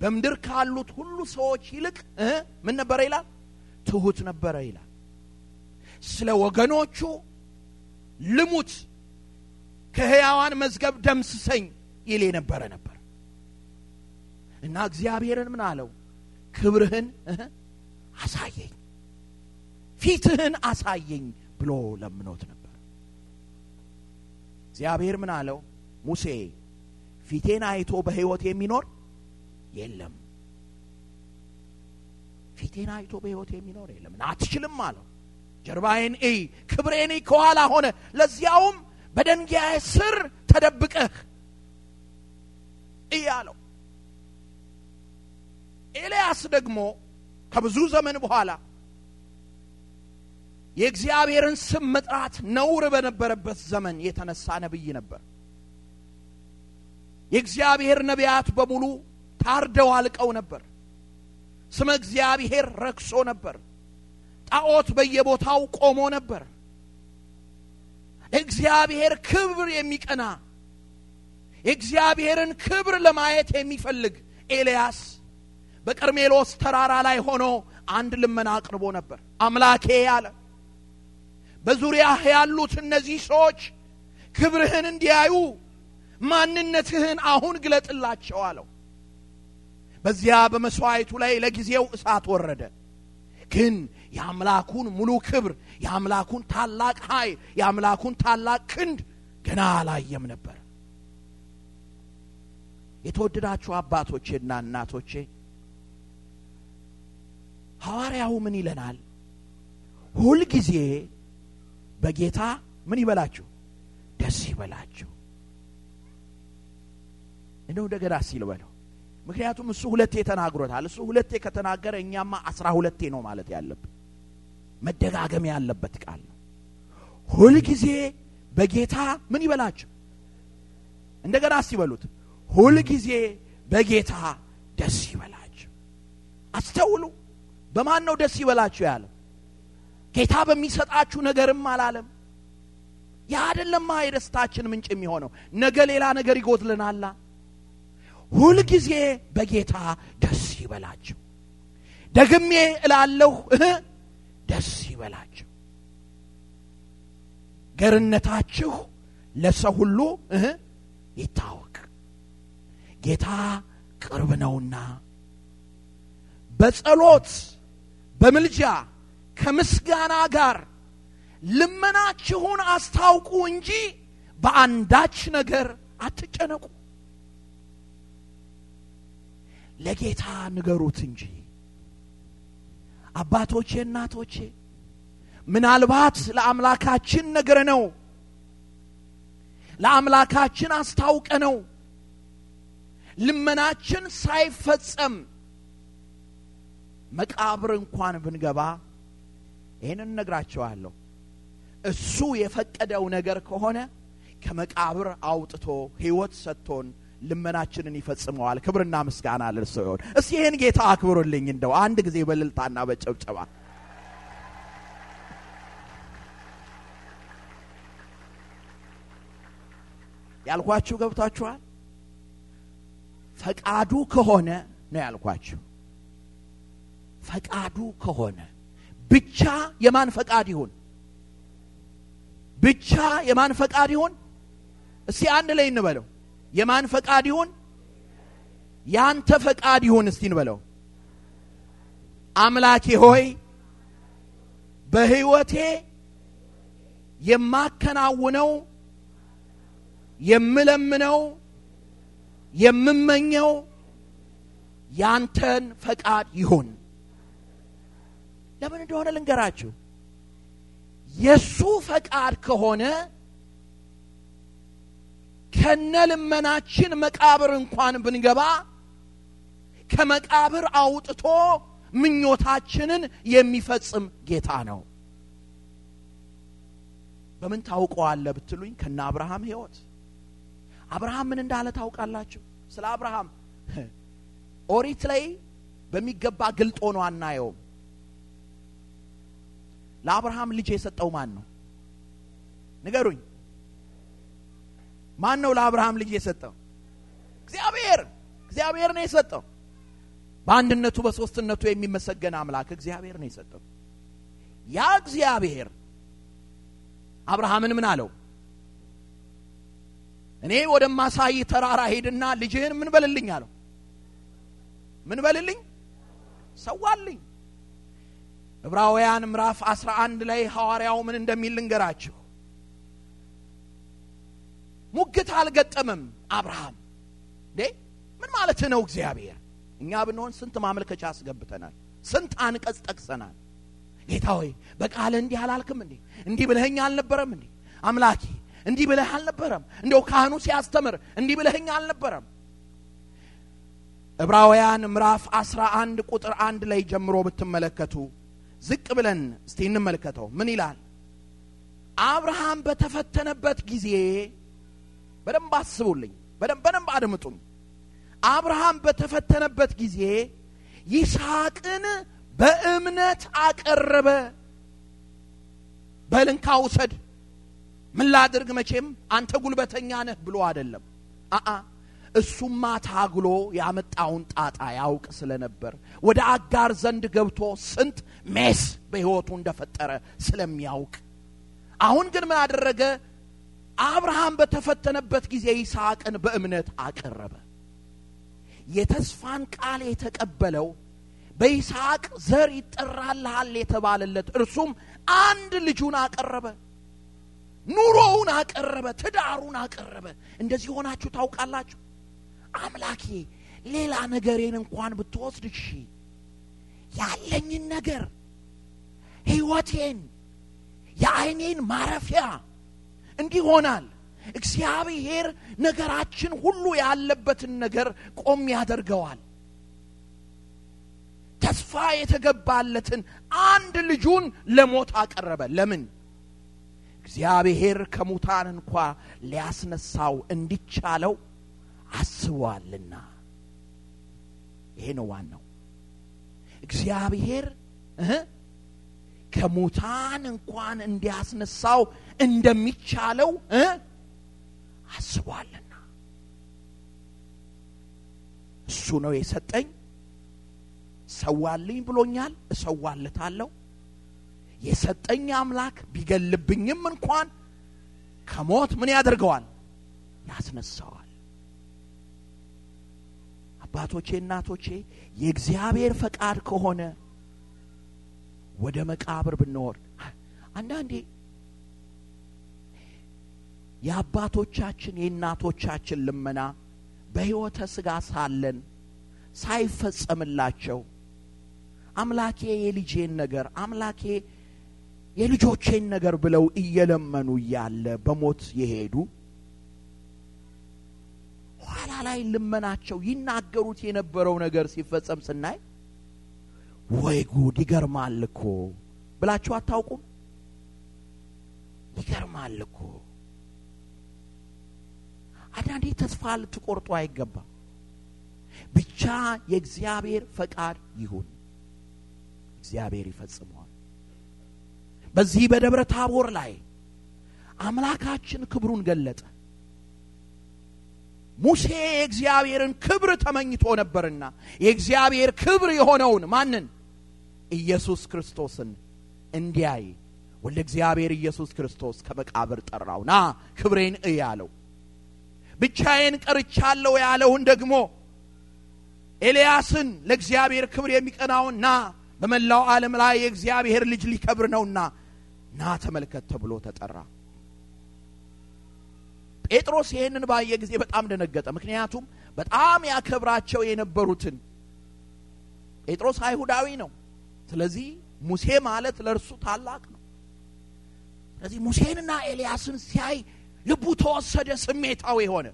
በምድር ካሉት ሁሉ ሰዎች ይልቅ ምን ነበረ ይላል ትሁት ነበረ ይላል ስለ ወገኖቹ ልሙት ከህያዋን መዝገብ ደምስሰኝ ይል የነበረ ነበር እና እግዚአብሔርን ምን አለው ክብርህን አሳየኝ ፊትህን አሳየኝ ብሎ ለምኖት ነበር እግዚአብሔር ምን አለው ሙሴ ፊቴን አይቶ በህይወት የሚኖር የለም ፊቴን አይቶ በሕይወት የሚኖር የለም። አትችልም አለው። ጀርባዬን እይ፣ ክብሬን እይ፣ ከኋላ ሆነ፣ ለዚያውም በደንጊያዬ ስር ተደብቀህ እይ አለው። ኤልያስ ደግሞ ከብዙ ዘመን በኋላ የእግዚአብሔርን ስም መጥራት ነውር በነበረበት ዘመን የተነሳ ነቢይ ነበር። የእግዚአብሔር ነቢያት በሙሉ ታርደው አልቀው ነበር። ስመ እግዚአብሔር ረክሶ ነበር። ጣዖት በየቦታው ቆሞ ነበር። እግዚአብሔር ክብር የሚቀና የእግዚአብሔርን ክብር ለማየት የሚፈልግ ኤልያስ በቀርሜሎስ ተራራ ላይ ሆኖ አንድ ልመና አቅርቦ ነበር። አምላኬ አለ፣ በዙሪያህ ያሉት እነዚህ ሰዎች ክብርህን እንዲያዩ ማንነትህን አሁን ግለጥላቸው አለው። በዚያ በመሥዋዕቱ ላይ ለጊዜው እሳት ወረደ። ግን የአምላኩን ሙሉ ክብር፣ የአምላኩን ታላቅ ኃይል፣ የአምላኩን ታላቅ ክንድ ገና አላየም ነበር። የተወደዳችሁ አባቶቼና እናቶቼ ሐዋርያው ምን ይለናል? ሁልጊዜ በጌታ ምን ይበላችሁ? ደስ ይበላችሁ። እንደው እንደገና ሲል በለው ምክንያቱም እሱ ሁለቴ ተናግሮታል። እሱ ሁለቴ ከተናገረ እኛማ አስራ ሁለቴ ነው ማለት ያለብን። መደጋገም ያለበት ቃል ነው። ሁልጊዜ በጌታ ምን ይበላቸው እንደገና ሲበሉት ሁልጊዜ በጌታ ደስ ይበላቸው። አስተውሉ። በማን ነው ደስ ይበላችሁ ያለው? ጌታ በሚሰጣችሁ ነገርም አላለም። ያ አይደለማ የደስታችን ምንጭ የሚሆነው። ነገ ሌላ ነገር ይጎድልናላ። ሁልጊዜ በጌታ ደስ ይበላቸው። ደግሜ እላለሁ ደስ ይበላቸው። ገርነታችሁ ለሰው ሁሉ ይታወቅ፣ ጌታ ቅርብ ነውና። በጸሎት በምልጃ ከምስጋና ጋር ልመናችሁን አስታውቁ እንጂ በአንዳች ነገር አትጨነቁ። ለጌታ ንገሩት እንጂ አባቶቼ እናቶቼ ምናልባት ለአምላካችን ነግረ ነው ለአምላካችን አስታውቀ ነው ልመናችን ሳይፈጸም መቃብር እንኳን ብንገባ ይህንን ነግራቸዋለሁ እሱ የፈቀደው ነገር ከሆነ ከመቃብር አውጥቶ ህይወት ሰጥቶን ልመናችንን ይፈጽመዋል። ክብርና ምስጋና ለእርሱ ይሆን። እስ ይህን ጌታ አክብሩልኝ እንደው አንድ ጊዜ በልልታና በጨብጨባ ያልኳችሁ ገብታችኋል። ፈቃዱ ከሆነ ነው ያልኳችሁ። ፈቃዱ ከሆነ ብቻ የማን ፈቃድ ይሁን? ብቻ የማን ፈቃድ ይሁን? እስቲ አንድ ላይ እንበለው። የማን ፈቃድ ይሁን? ያንተ ፈቃድ ይሁን። እስቲ እንበለው። አምላኬ ሆይ በህይወቴ የማከናውነው የምለምነው የምመኘው ያንተን ፈቃድ ይሁን። ለምን እንደሆነ ልንገራችሁ። የሱ ፈቃድ ከሆነ ከነ ልመናችን መቃብር እንኳን ብንገባ ከመቃብር አውጥቶ ምኞታችንን የሚፈጽም ጌታ ነው በምን ታውቀዋለ ብትሉኝ ከነ አብርሃም ህይወት አብርሃም ምን እንዳለ ታውቃላችሁ ስለ አብርሃም ኦሪት ላይ በሚገባ ግልጦ ነው አናየውም ለአብርሃም ልጅ የሰጠው ማን ነው ንገሩኝ ማን ነው ለአብርሃም ልጅ የሰጠው? እግዚአብሔር እግዚአብሔር ነው የሰጠው። በአንድነቱ በሶስትነቱ የሚመሰገን አምላክ እግዚአብሔር ነው የሰጠው። ያ እግዚአብሔር አብርሃምን ምን አለው? እኔ ወደ ማሳይ ተራራ ሄድና ልጅህን ምን በልልኝ አለው። ምን በልልኝ? ሰዋልኝ። ዕብራውያን ምዕራፍ አንድ ላይ ሐዋርያው ምን እንደሚል ልንገራችሁ። ሙግት አልገጠምም አብርሃም እንዴ ምን ማለት ነው እግዚአብሔር እኛ ብንሆን ስንት ማመልከቻ አስገብተናል ስንት አንቀጽ ጠቅሰናል ጌታ ሆይ በቃል እንዲህ አላልክም እንዴ እንዲህ ብለኸኝ አልነበረም እንዴ አምላኬ እንዲህ ብለህ አልነበረም እንደው ካህኑ ሲያስተምር እንዲህ ብለኸኝ አልነበረም ዕብራውያን ምዕራፍ አንድ ቁጥር አንድ ላይ ጀምሮ ብትመለከቱ ዝቅ ብለን እስቲ እንመልከተው ምን ይላል አብርሃም በተፈተነበት ጊዜ በደንብ አስቡልኝ፣ በደንብ በደንብ አድምጡኝ። አብርሃም በተፈተነበት ጊዜ ይስሐቅን በእምነት አቀረበ። በልንካ ውሰድ፣ ምን ላድርግ፣ መቼም አንተ ጉልበተኛ ነህ ብሎ አደለም። አአ እሱማ ታግሎ ያመጣውን ጣጣ ያውቅ ስለነበር ወደ አጋር ዘንድ ገብቶ ስንት ሜስ በሕይወቱ እንደፈጠረ ስለሚያውቅ አሁን ግን ምን አደረገ? አብርሃም በተፈተነበት ጊዜ ይስሐቅን በእምነት አቀረበ። የተስፋን ቃል የተቀበለው በይስሐቅ ዘር ይጠራልሃል የተባለለት እርሱም አንድ ልጁን አቀረበ። ኑሮውን አቀረበ። ትዳሩን አቀረበ። እንደዚህ ሆናችሁ ታውቃላችሁ? አምላኬ ሌላ ነገሬን እንኳን ብትወስድ እሺ፣ ያለኝን ነገር ሕይወቴን፣ የአይኔን ማረፊያ እንዲህ ይሆናል። እግዚአብሔር ነገራችን ሁሉ ያለበትን ነገር ቆም ያደርገዋል። ተስፋ የተገባለትን አንድ ልጁን ለሞት አቀረበ። ለምን? እግዚአብሔር ከሙታን እንኳ ሊያስነሳው እንዲቻለው አስቧልና። ይሄ ነው ዋናው። እግዚአብሔር ከሙታን እንኳን እንዲያስነሳው እንደሚቻለው አስቧልና እሱ ነው የሰጠኝ ሰዋልኝ ብሎኛል እሰዋልታለሁ የሰጠኝ አምላክ ቢገልብኝም እንኳን ከሞት ምን ያደርገዋል ያስነሳዋል አባቶቼ እናቶቼ የእግዚአብሔር ፈቃድ ከሆነ ወደ መቃብር ብንወርድ አንዳንዴ የአባቶቻችን የእናቶቻችን ልመና በሕይወተ ሥጋ ሳለን ሳይፈጸምላቸው አምላኬ የልጄን ነገር አምላኬ የልጆቼን ነገር ብለው እየለመኑ እያለ በሞት የሄዱ ኋላ ላይ ልመናቸው ይናገሩት የነበረው ነገር ሲፈጸም ስናይ ወይ ጉድ ይገርማል እኮ ብላችሁ አታውቁም? ይገርማል እኮ አንዳንዴ ተስፋ ልትቆርጡ አይገባም። ብቻ የእግዚአብሔር ፈቃድ ይሁን፣ እግዚአብሔር ይፈጽመዋል። በዚህ በደብረ ታቦር ላይ አምላካችን ክብሩን ገለጠ። ሙሴ የእግዚአብሔርን ክብር ተመኝቶ ነበርና የእግዚአብሔር ክብር የሆነውን ማንን? ኢየሱስ ክርስቶስን እንዲያይ ወደ እግዚአብሔር ኢየሱስ ክርስቶስ ከመቃብር ጠራውና ክብሬን እይ አለው። ብቻዬን ቀርቻለሁ ያለውን ደግሞ ኤልያስን ለእግዚአብሔር ክብር ና በመላው ዓለም ላይ የእግዚአብሔር ልጅ ሊከብር ነውና ና ተመልከት ተብሎ ተጠራ ጴጥሮስ ይህንን ባየ ጊዜ በጣም ደነገጠ ምክንያቱም በጣም ያከብራቸው የነበሩትን ጴጥሮስ አይሁዳዊ ነው ስለዚህ ሙሴ ማለት ለእርሱ ታላቅ ነው ስለዚህ ሙሴንና ኤልያስን ሲያይ ልቡ ተወሰደ፣ ስሜታዊ የሆነ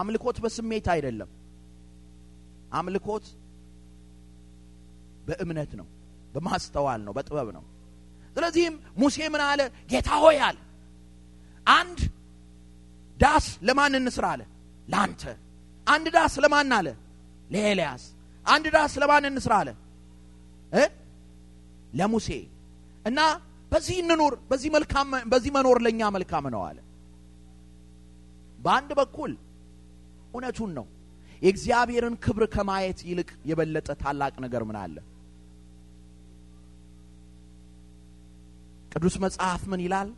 አምልኮት በስሜት አይደለም። አምልኮት በእምነት ነው፣ በማስተዋል ነው፣ በጥበብ ነው። ስለዚህም ሙሴ ምን አለ? ጌታ ሆይ አለ አንድ ዳስ ለማን እንስራ አለ? ለአንተ። አንድ ዳስ ለማን አለ? ለኤልያስ። አንድ ዳስ ለማን እንስራ አለ? ለሙሴ እና በዚህ እንኑር፣ በዚህ መልካም በዚህ መኖር ለእኛ መልካም ነው አለ። በአንድ በኩል እውነቱን ነው። የእግዚአብሔርን ክብር ከማየት ይልቅ የበለጠ ታላቅ ነገር ምን አለ? ቅዱስ መጽሐፍ ምን ይላል?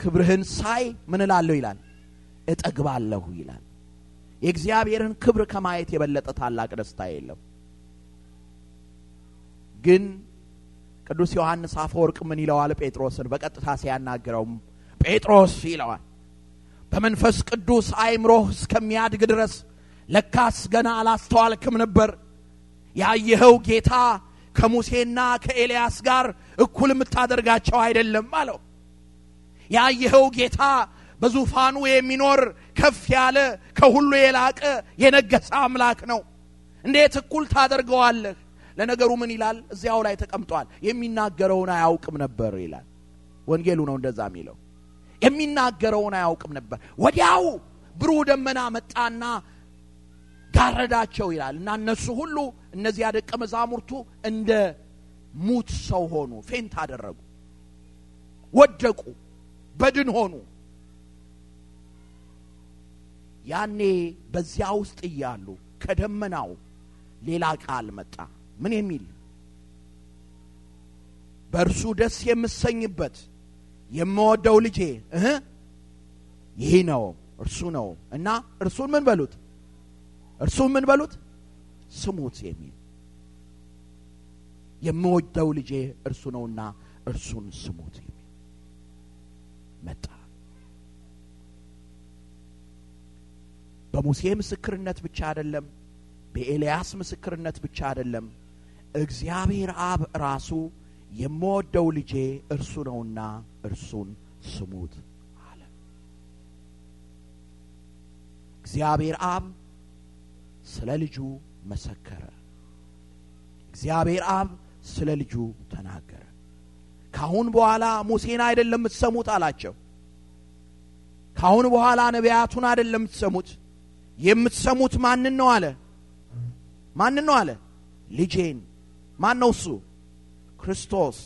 ክብርህን ሳይ ምን እላለሁ ይላል፣ እጠግባለሁ ይላል። የእግዚአብሔርን ክብር ከማየት የበለጠ ታላቅ ደስታ የለም። ግን ቅዱስ ዮሐንስ አፈወርቅ ምን ይለዋል? ጴጥሮስን በቀጥታ ሲያናግረውም ጴጥሮስ ይለዋል በመንፈስ ቅዱስ አይምሮህ እስከሚያድግ ድረስ ለካስ ገና አላስተዋልክም ነበር ያየኸው ጌታ ከሙሴና ከኤልያስ ጋር እኩል የምታደርጋቸው አይደለም አለው ያየኸው ጌታ በዙፋኑ የሚኖር ከፍ ያለ ከሁሉ የላቀ የነገሰ አምላክ ነው እንዴት እኩል ታደርገዋለህ ለነገሩ ምን ይላል እዚያው ላይ ተቀምጧል የሚናገረውን አያውቅም ነበር ይላል ወንጌሉ ነው እንደዛ የሚለው የሚናገረውን አያውቅም ነበር ወዲያው ብሩህ ደመና መጣና ጋረዳቸው ይላል እና እነሱ ሁሉ እነዚያ ደቀ መዛሙርቱ እንደ ሙት ሰው ሆኑ ፌንት አደረጉ ወደቁ በድን ሆኑ ያኔ በዚያ ውስጥ እያሉ ከደመናው ሌላ ቃል መጣ ምን የሚል በእርሱ ደስ የምሰኝበት የምወደው ልጄ እህ ይህ ነው እርሱ ነው እና እርሱን ምን በሉት እርሱን ምን በሉት ስሙት የሚል የምወደው ልጄ እርሱ ነውና እርሱን ስሙት የሚል መጣ በሙሴ ምስክርነት ብቻ አይደለም በኤልያስ ምስክርነት ብቻ አይደለም እግዚአብሔር አብ ራሱ የምወደው ልጄ እርሱ ነውና እርሱን ስሙት አለ። እግዚአብሔር አብ ስለ ልጁ መሰከረ። እግዚአብሔር አብ ስለ ልጁ ተናገረ። ካሁን በኋላ ሙሴን አይደለም የምትሰሙት አላቸው። ካሁን በኋላ ነቢያቱን አይደለም የምትሰሙት። የምትሰሙት ማንን ነው አለ። ማንን ነው አለ? ልጄን። ማን ነው እሱ? ክርስቶስ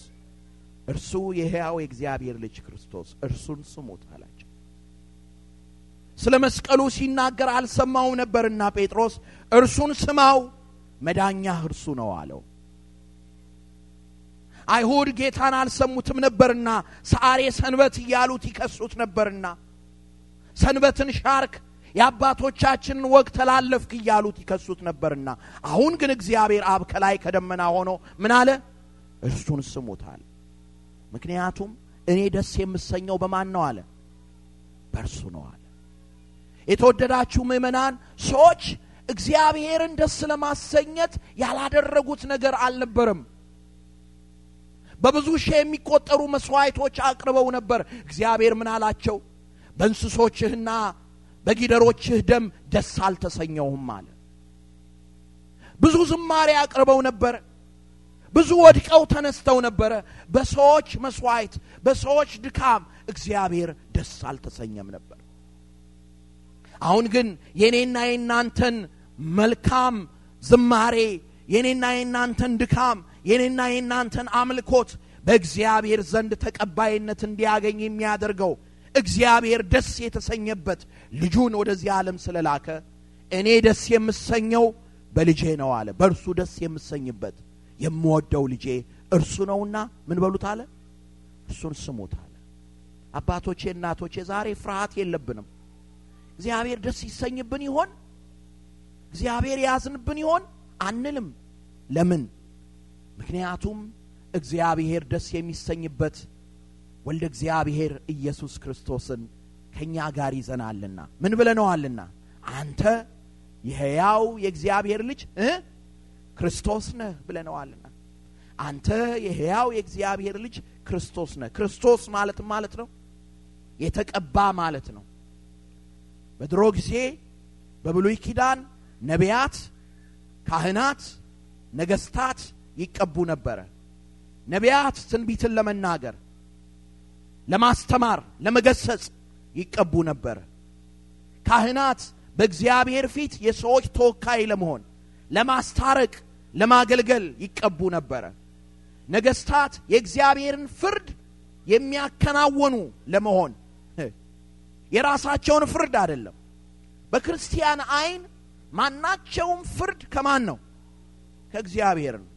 እርሱ የሕያው የእግዚአብሔር ልጅ ክርስቶስ እርሱን ስሙት አላቸው። ስለ መስቀሉ ሲናገር አልሰማው ነበርና ጴጥሮስ እርሱን ስማው መዳኛህ እርሱ ነው አለው። አይሁድ ጌታን አልሰሙትም ነበርና ሰዓሬ ሰንበት እያሉት ይከሱት ነበርና ሰንበትን ሻርክ የአባቶቻችንን ወግ ተላለፍክ እያሉት ይከሱት ነበርና አሁን ግን እግዚአብሔር አብ ከላይ ከደመና ሆኖ ምን አለ? እርሱን ስሙታል። ምክንያቱም እኔ ደስ የምሰኘው በማን ነው አለ? በእርሱ ነው አለ። የተወደዳችሁ ምእመናን ሰዎች እግዚአብሔርን ደስ ለማሰኘት ያላደረጉት ነገር አልነበርም። በብዙ ሺህ የሚቆጠሩ መስዋዕቶች አቅርበው ነበር። እግዚአብሔር ምን አላቸው? በእንስሶችህና በጊደሮችህ ደም ደስ አልተሰኘውም አለ። ብዙ ዝማሬ አቅርበው ነበር። ብዙ ወድቀው ተነስተው ነበረ። በሰዎች መስዋዕት፣ በሰዎች ድካም እግዚአብሔር ደስ አልተሰኘም ነበር። አሁን ግን የኔና የናንተን መልካም ዝማሬ፣ የኔና የናንተን ድካም፣ የኔና የናንተን አምልኮት በእግዚአብሔር ዘንድ ተቀባይነት እንዲያገኝ የሚያደርገው እግዚአብሔር ደስ የተሰኘበት ልጁን ወደዚህ ዓለም ስለላከ እኔ ደስ የምሰኘው በልጄ ነው አለ። በእርሱ ደስ የምሰኝበት የምወደው ልጄ እርሱ ነውና ምን በሉት አለ እርሱን ስሙት አለ አባቶቼ እናቶቼ ዛሬ ፍርሃት የለብንም እግዚአብሔር ደስ ይሰኝብን ይሆን እግዚአብሔር ያዝንብን ይሆን አንልም ለምን ምክንያቱም እግዚአብሔር ደስ የሚሰኝበት ወልደ እግዚአብሔር ኢየሱስ ክርስቶስን ከእኛ ጋር ይዘናልና ምን ብለነዋልና አንተ የሕያው የእግዚአብሔር ልጅ ክርስቶስ ነህ ብለነዋልና አንተ የህያው የእግዚአብሔር ልጅ ክርስቶስ ነህ ክርስቶስ ማለት ማለት ነው የተቀባ ማለት ነው በድሮ ጊዜ በብሉይ ኪዳን ነቢያት ካህናት ነገስታት ይቀቡ ነበረ ነቢያት ትንቢትን ለመናገር ለማስተማር ለመገሰጽ ይቀቡ ነበረ ካህናት በእግዚአብሔር ፊት የሰዎች ተወካይ ለመሆን ለማስታረቅ ለማገልገል ይቀቡ ነበረ። ነገስታት የእግዚአብሔርን ፍርድ የሚያከናወኑ ለመሆን የራሳቸውን ፍርድ አይደለም። በክርስቲያን አይን ማናቸውም ፍርድ ከማን ነው? ከእግዚአብሔር ነው።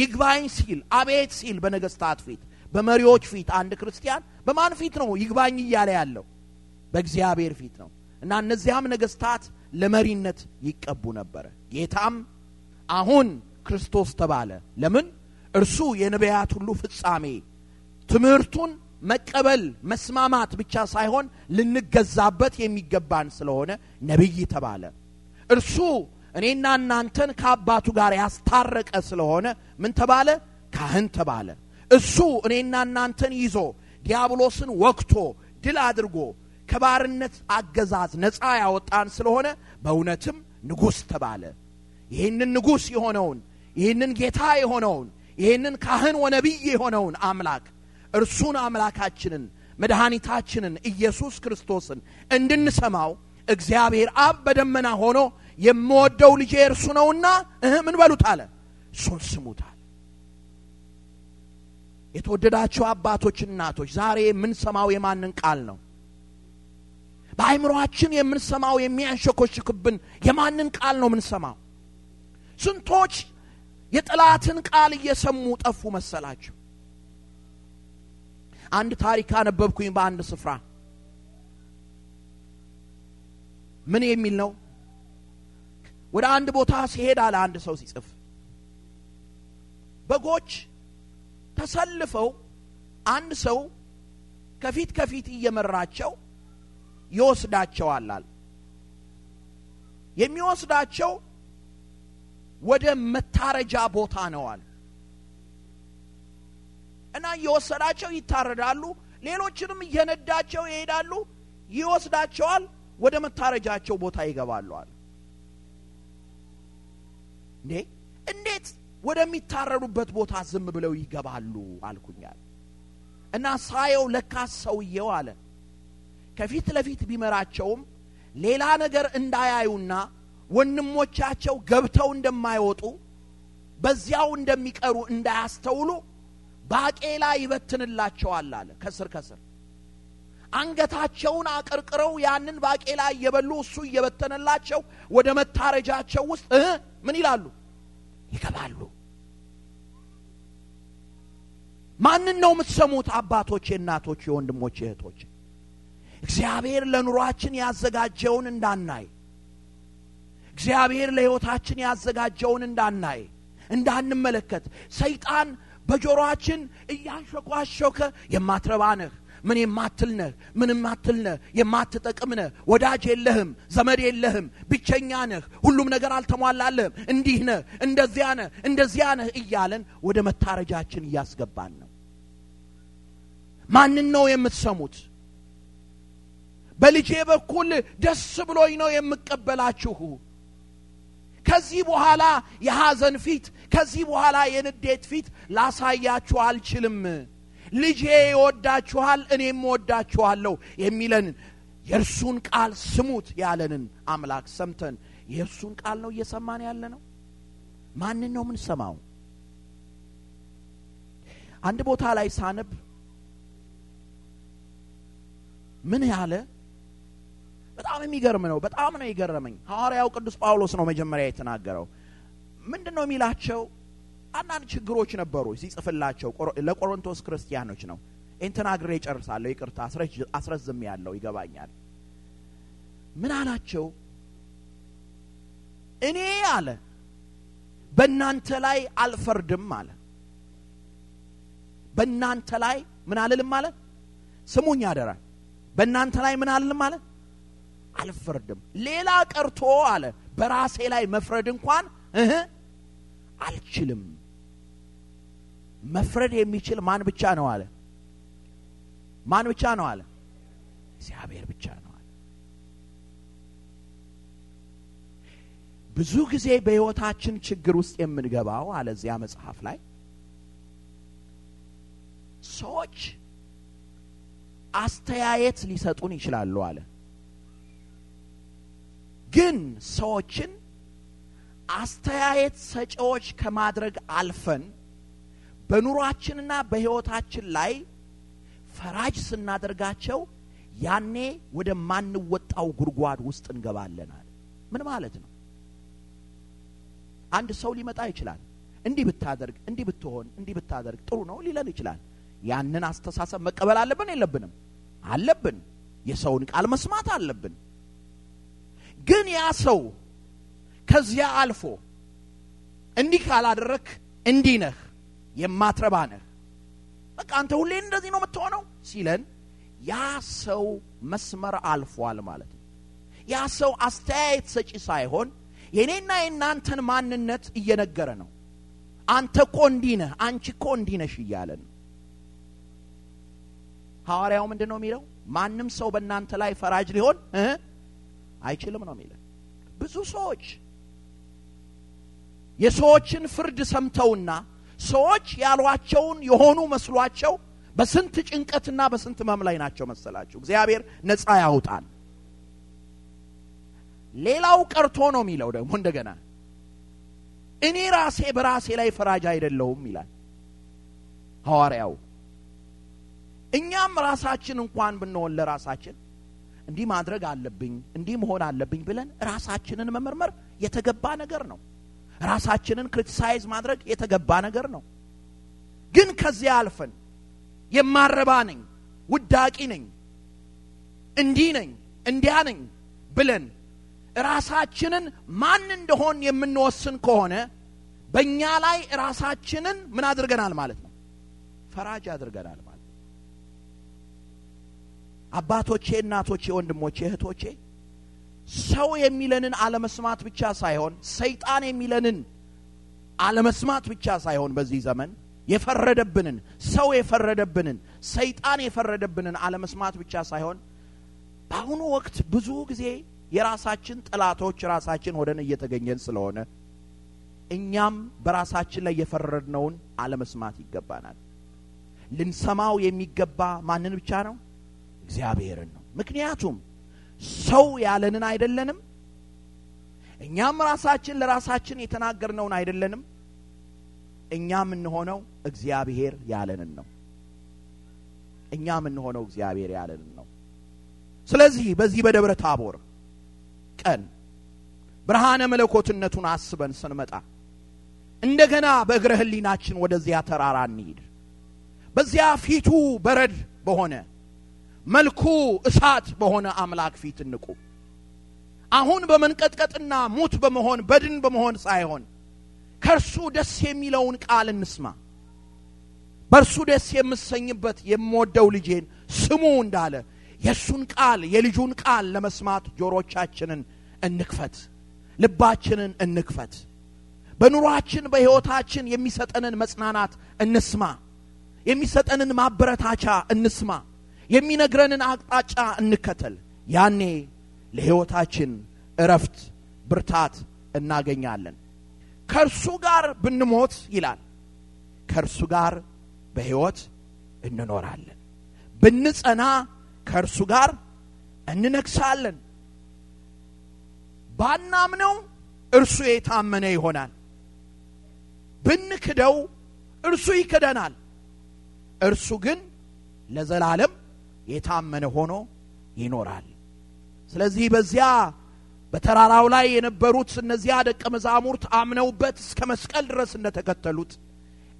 ይግባኝ ሲል አቤት ሲል በነገስታት ፊት፣ በመሪዎች ፊት አንድ ክርስቲያን በማን ፊት ነው ይግባኝ እያለ ያለው? በእግዚአብሔር ፊት ነው። እና እነዚያም ነገስታት ለመሪነት ይቀቡ ነበረ ጌታም አሁን ክርስቶስ ተባለ። ለምን? እርሱ የነቢያት ሁሉ ፍጻሜ ትምህርቱን መቀበል መስማማት ብቻ ሳይሆን ልንገዛበት የሚገባን ስለሆነ ነቢይ ተባለ። እርሱ እኔና እናንተን ከአባቱ ጋር ያስታረቀ ስለሆነ ምን ተባለ? ካህን ተባለ። እሱ እኔና እናንተን ይዞ ዲያብሎስን ወቅቶ ድል አድርጎ ከባርነት አገዛዝ ነፃ ያወጣን ስለሆነ በእውነትም ንጉሥ ተባለ። ይህንን ንጉሥ የሆነውን ይህንን ጌታ የሆነውን ይህንን ካህን ወነቢይ የሆነውን አምላክ እርሱን አምላካችንን መድኃኒታችንን ኢየሱስ ክርስቶስን እንድንሰማው እግዚአብሔር አብ በደመና ሆኖ የምወደው ልጄ እርሱ ነውና ምን በሉት አለ እሱን ስሙታል የተወደዳቸው አባቶች እናቶች ዛሬ የምንሰማው የማንን ቃል ነው በአይምሮአችን የምንሰማው የሚያንሸኮሽክብን የማንን ቃል ነው የምንሰማው ስንቶች የጠላትን ቃል እየሰሙ ጠፉ መሰላቸው። አንድ ታሪክ አነበብኩኝ በአንድ ስፍራ። ምን የሚል ነው? ወደ አንድ ቦታ ሲሄድ አለ አንድ ሰው ሲጽፍ፣ በጎች ተሰልፈው አንድ ሰው ከፊት ከፊት እየመራቸው ይወስዳቸዋል። የሚወስዳቸው ወደ መታረጃ ቦታ ነው አለ እና እየወሰዳቸው ይታረዳሉ። ሌሎችንም እየነዳቸው ይሄዳሉ፣ ይወስዳቸዋል፣ ወደ መታረጃቸው ቦታ ይገባሉ አለ። እንዴ እንዴት ወደሚታረዱበት ቦታ ዝም ብለው ይገባሉ አልኩኛል እና ሳየው ለካ ሰውየው አለ ከፊት ለፊት ቢመራቸውም ሌላ ነገር እንዳያዩና ወንድሞቻቸው ገብተው እንደማይወጡ በዚያው እንደሚቀሩ እንዳያስተውሉ ባቄላ ይበትንላቸዋል አለ ከስር ከስር አንገታቸውን አቀርቅረው ያንን ባቄላ እየበሉ እሱ እየበተነላቸው ወደ መታረጃቸው ውስጥ እ ምን ይላሉ ይገባሉ ማንን ነው የምትሰሙት አባቶቼ እናቶቼ ወንድሞቼ እህቶቼ እግዚአብሔር ለኑሯችን ያዘጋጀውን እንዳናይ እግዚአብሔር ለሕይወታችን ያዘጋጀውን እንዳናይ እንዳንመለከት ሰይጣን በጆሮአችን እያንሸኳሾከ የማትረባ ነህ፣ ምን የማትል ነህ፣ ምን የማትል ነህ፣ የማትጠቅም ነህ፣ ወዳጅ የለህም፣ ዘመድ የለህም፣ ብቸኛ ነህ፣ ሁሉም ነገር አልተሟላለህም፣ እንዲህ ነህ፣ እንደዚያ ነህ፣ እንደዚያ ነህ እያለን ወደ መታረጃችን እያስገባን ነው። ማንን ነው የምትሰሙት? በልጄ በኩል ደስ ብሎኝ ነው የምቀበላችሁ ከዚህ በኋላ የሐዘን ፊት፣ ከዚህ በኋላ የንዴት ፊት ላሳያችሁ አልችልም። ልጄ ይወዳችኋል፣ እኔም ወዳችኋለሁ የሚለን የእርሱን ቃል ስሙት ያለንን አምላክ ሰምተን የእርሱን ቃል ነው እየሰማን ያለ ነው። ማንን ነው ሰማው? አንድ ቦታ ላይ ሳነብ ምን ያለ በጣም የሚገርም ነው። በጣም ነው የገረመኝ። ሐዋርያው ቅዱስ ጳውሎስ ነው መጀመሪያ የተናገረው። ምንድን ነው የሚላቸው? አንዳንድ ችግሮች ነበሩ ሲጽፍላቸው ለቆሮንቶስ ክርስቲያኖች ነው። ይህን ተናግሬ ይጨርሳለሁ ይቅርታ አስረዝም ያለው ይገባኛል። ምን አላቸው? እኔ አለ በእናንተ ላይ አልፈርድም አለ። በእናንተ ላይ ምን አልልም አለ። ስሙኝ አደራ። በእናንተ ላይ ምን አልልም አለ አልፈርድም። ሌላ ቀርቶ አለ በራሴ ላይ መፍረድ እንኳን እህ አልችልም። መፍረድ የሚችል ማን ብቻ ነው አለ። ማን ብቻ ነው አለ። እግዚአብሔር ብቻ ነው አለ። ብዙ ጊዜ በሕይወታችን ችግር ውስጥ የምንገባው አለ እዚያ መጽሐፍ ላይ ሰዎች አስተያየት ሊሰጡን ይችላሉ አለ ግን ሰዎችን አስተያየት ሰጪዎች ከማድረግ አልፈን በኑሯችንና በሕይወታችን ላይ ፈራጅ ስናደርጋቸው ያኔ ወደማንወጣው ጉድጓድ ውስጥ እንገባለናል። ምን ማለት ነው? አንድ ሰው ሊመጣ ይችላል። እንዲህ ብታደርግ፣ እንዲህ ብትሆን፣ እንዲህ ብታደርግ ጥሩ ነው ሊለን ይችላል። ያንን አስተሳሰብ መቀበል አለብን የለብንም? አለብን። የሰውን ቃል መስማት አለብን። ግን ያ ሰው ከዚያ አልፎ እንዲህ ካላደረክ እንዲህ ነህ፣ የማትረባ ነህ፣ በቃ አንተ ሁሌን እንደዚህ ነው የምትሆነው ሲለን ያ ሰው መስመር አልፏል ማለት ነው። ያ ሰው አስተያየት ሰጪ ሳይሆን የእኔና የእናንተን ማንነት እየነገረ ነው። አንተ እኮ እንዲህ ነህ፣ አንቺ እኮ እንዲህ ነሽ እያለ ነው። ሐዋርያው ምንድን ነው የሚለው? ማንም ሰው በእናንተ ላይ ፈራጅ ሊሆን አይችልም ነው የሚለን። ብዙ ሰዎች የሰዎችን ፍርድ ሰምተውና ሰዎች ያሏቸውን የሆኑ መስሏቸው በስንት ጭንቀትና በስንት ህመም ላይ ናቸው መሰላችሁ። እግዚአብሔር ነፃ ያውጣል። ሌላው ቀርቶ ነው የሚለው ደግሞ እንደገና እኔ ራሴ በራሴ ላይ ፈራጅ አይደለሁም ይላል ሐዋርያው። እኛም ራሳችን እንኳን ብንሆን ለራሳችን እንዲህ ማድረግ አለብኝ፣ እንዲህ መሆን አለብኝ ብለን ራሳችንን መመርመር የተገባ ነገር ነው። ራሳችንን ክሪቲሳይዝ ማድረግ የተገባ ነገር ነው። ግን ከዚያ አልፈን የማረባ ነኝ፣ ውዳቂ ነኝ፣ እንዲህ ነኝ፣ እንዲያ ነኝ ብለን ራሳችንን ማን እንደሆን የምንወስን ከሆነ በእኛ ላይ ራሳችንን ምን አድርገናል ማለት ነው? ፈራጅ አድርገናል። አባቶቼ፣ እናቶቼ፣ ወንድሞቼ፣ እህቶቼ ሰው የሚለንን አለመስማት ብቻ ሳይሆን ሰይጣን የሚለንን አለመስማት ብቻ ሳይሆን በዚህ ዘመን የፈረደብንን ሰው የፈረደብንን ሰይጣን የፈረደብንን አለመስማት ብቻ ሳይሆን በአሁኑ ወቅት ብዙ ጊዜ የራሳችን ጠላቶች ራሳችን ሆነን እየተገኘን ስለሆነ እኛም በራሳችን ላይ የፈረድነውን አለመስማት ይገባናል። ልንሰማው የሚገባ ማንን ብቻ ነው? እግዚአብሔርን ነው። ምክንያቱም ሰው ያለንን አይደለንም። እኛም ራሳችን ለራሳችን የተናገርነውን አይደለንም። እኛ የምንሆነው እግዚአብሔር ያለንን ነው። እኛ የምንሆነው እግዚአብሔር ያለንን ነው። ስለዚህ በዚህ በደብረ ታቦር ቀን ብርሃነ መለኮትነቱን አስበን ስንመጣ እንደገና በእግረ ወደዚያ ተራራ እንሂድ። በዚያ ፊቱ በረድ በሆነ መልኩ እሳት በሆነ አምላክ ፊት እንቁም። አሁን በመንቀጥቀጥና ሙት በመሆን በድን በመሆን ሳይሆን ከእርሱ ደስ የሚለውን ቃል እንስማ። በእርሱ ደስ የምሰኝበት የምወደው ልጄን ስሙ እንዳለ የእሱን ቃል የልጁን ቃል ለመስማት ጆሮቻችንን እንክፈት፣ ልባችንን እንክፈት። በኑሯችን በሕይወታችን የሚሰጠንን መጽናናት እንስማ፣ የሚሰጠንን ማበረታቻ እንስማ። የሚነግረንን አቅጣጫ እንከተል። ያኔ ለሕይወታችን እረፍት፣ ብርታት እናገኛለን። ከእርሱ ጋር ብንሞት ይላል፣ ከእርሱ ጋር በሕይወት እንኖራለን። ብንጸና ከእርሱ ጋር እንነግሳለን። ባናምነው እርሱ የታመነ ይሆናል። ብንክደው እርሱ ይክደናል። እርሱ ግን ለዘላለም የታመነ ሆኖ ይኖራል ስለዚህ በዚያ በተራራው ላይ የነበሩት እነዚያ ደቀ መዛሙርት አምነውበት እስከ መስቀል ድረስ እንደተከተሉት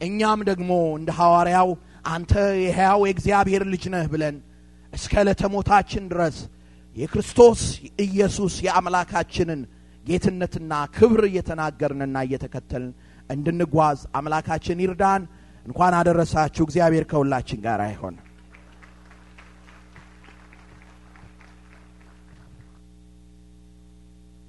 እኛም ደግሞ እንደ ሐዋርያው አንተ የሕያው የእግዚአብሔር ልጅ ነህ ብለን እስከ ዕለተ ሞታችን ድረስ የክርስቶስ ኢየሱስ የአምላካችንን ጌትነትና ክብር እየተናገርንና እየተከተልን እንድንጓዝ አምላካችን ይርዳን። እንኳን አደረሳችሁ። እግዚአብሔር ከሁላችን ጋር አይሆን።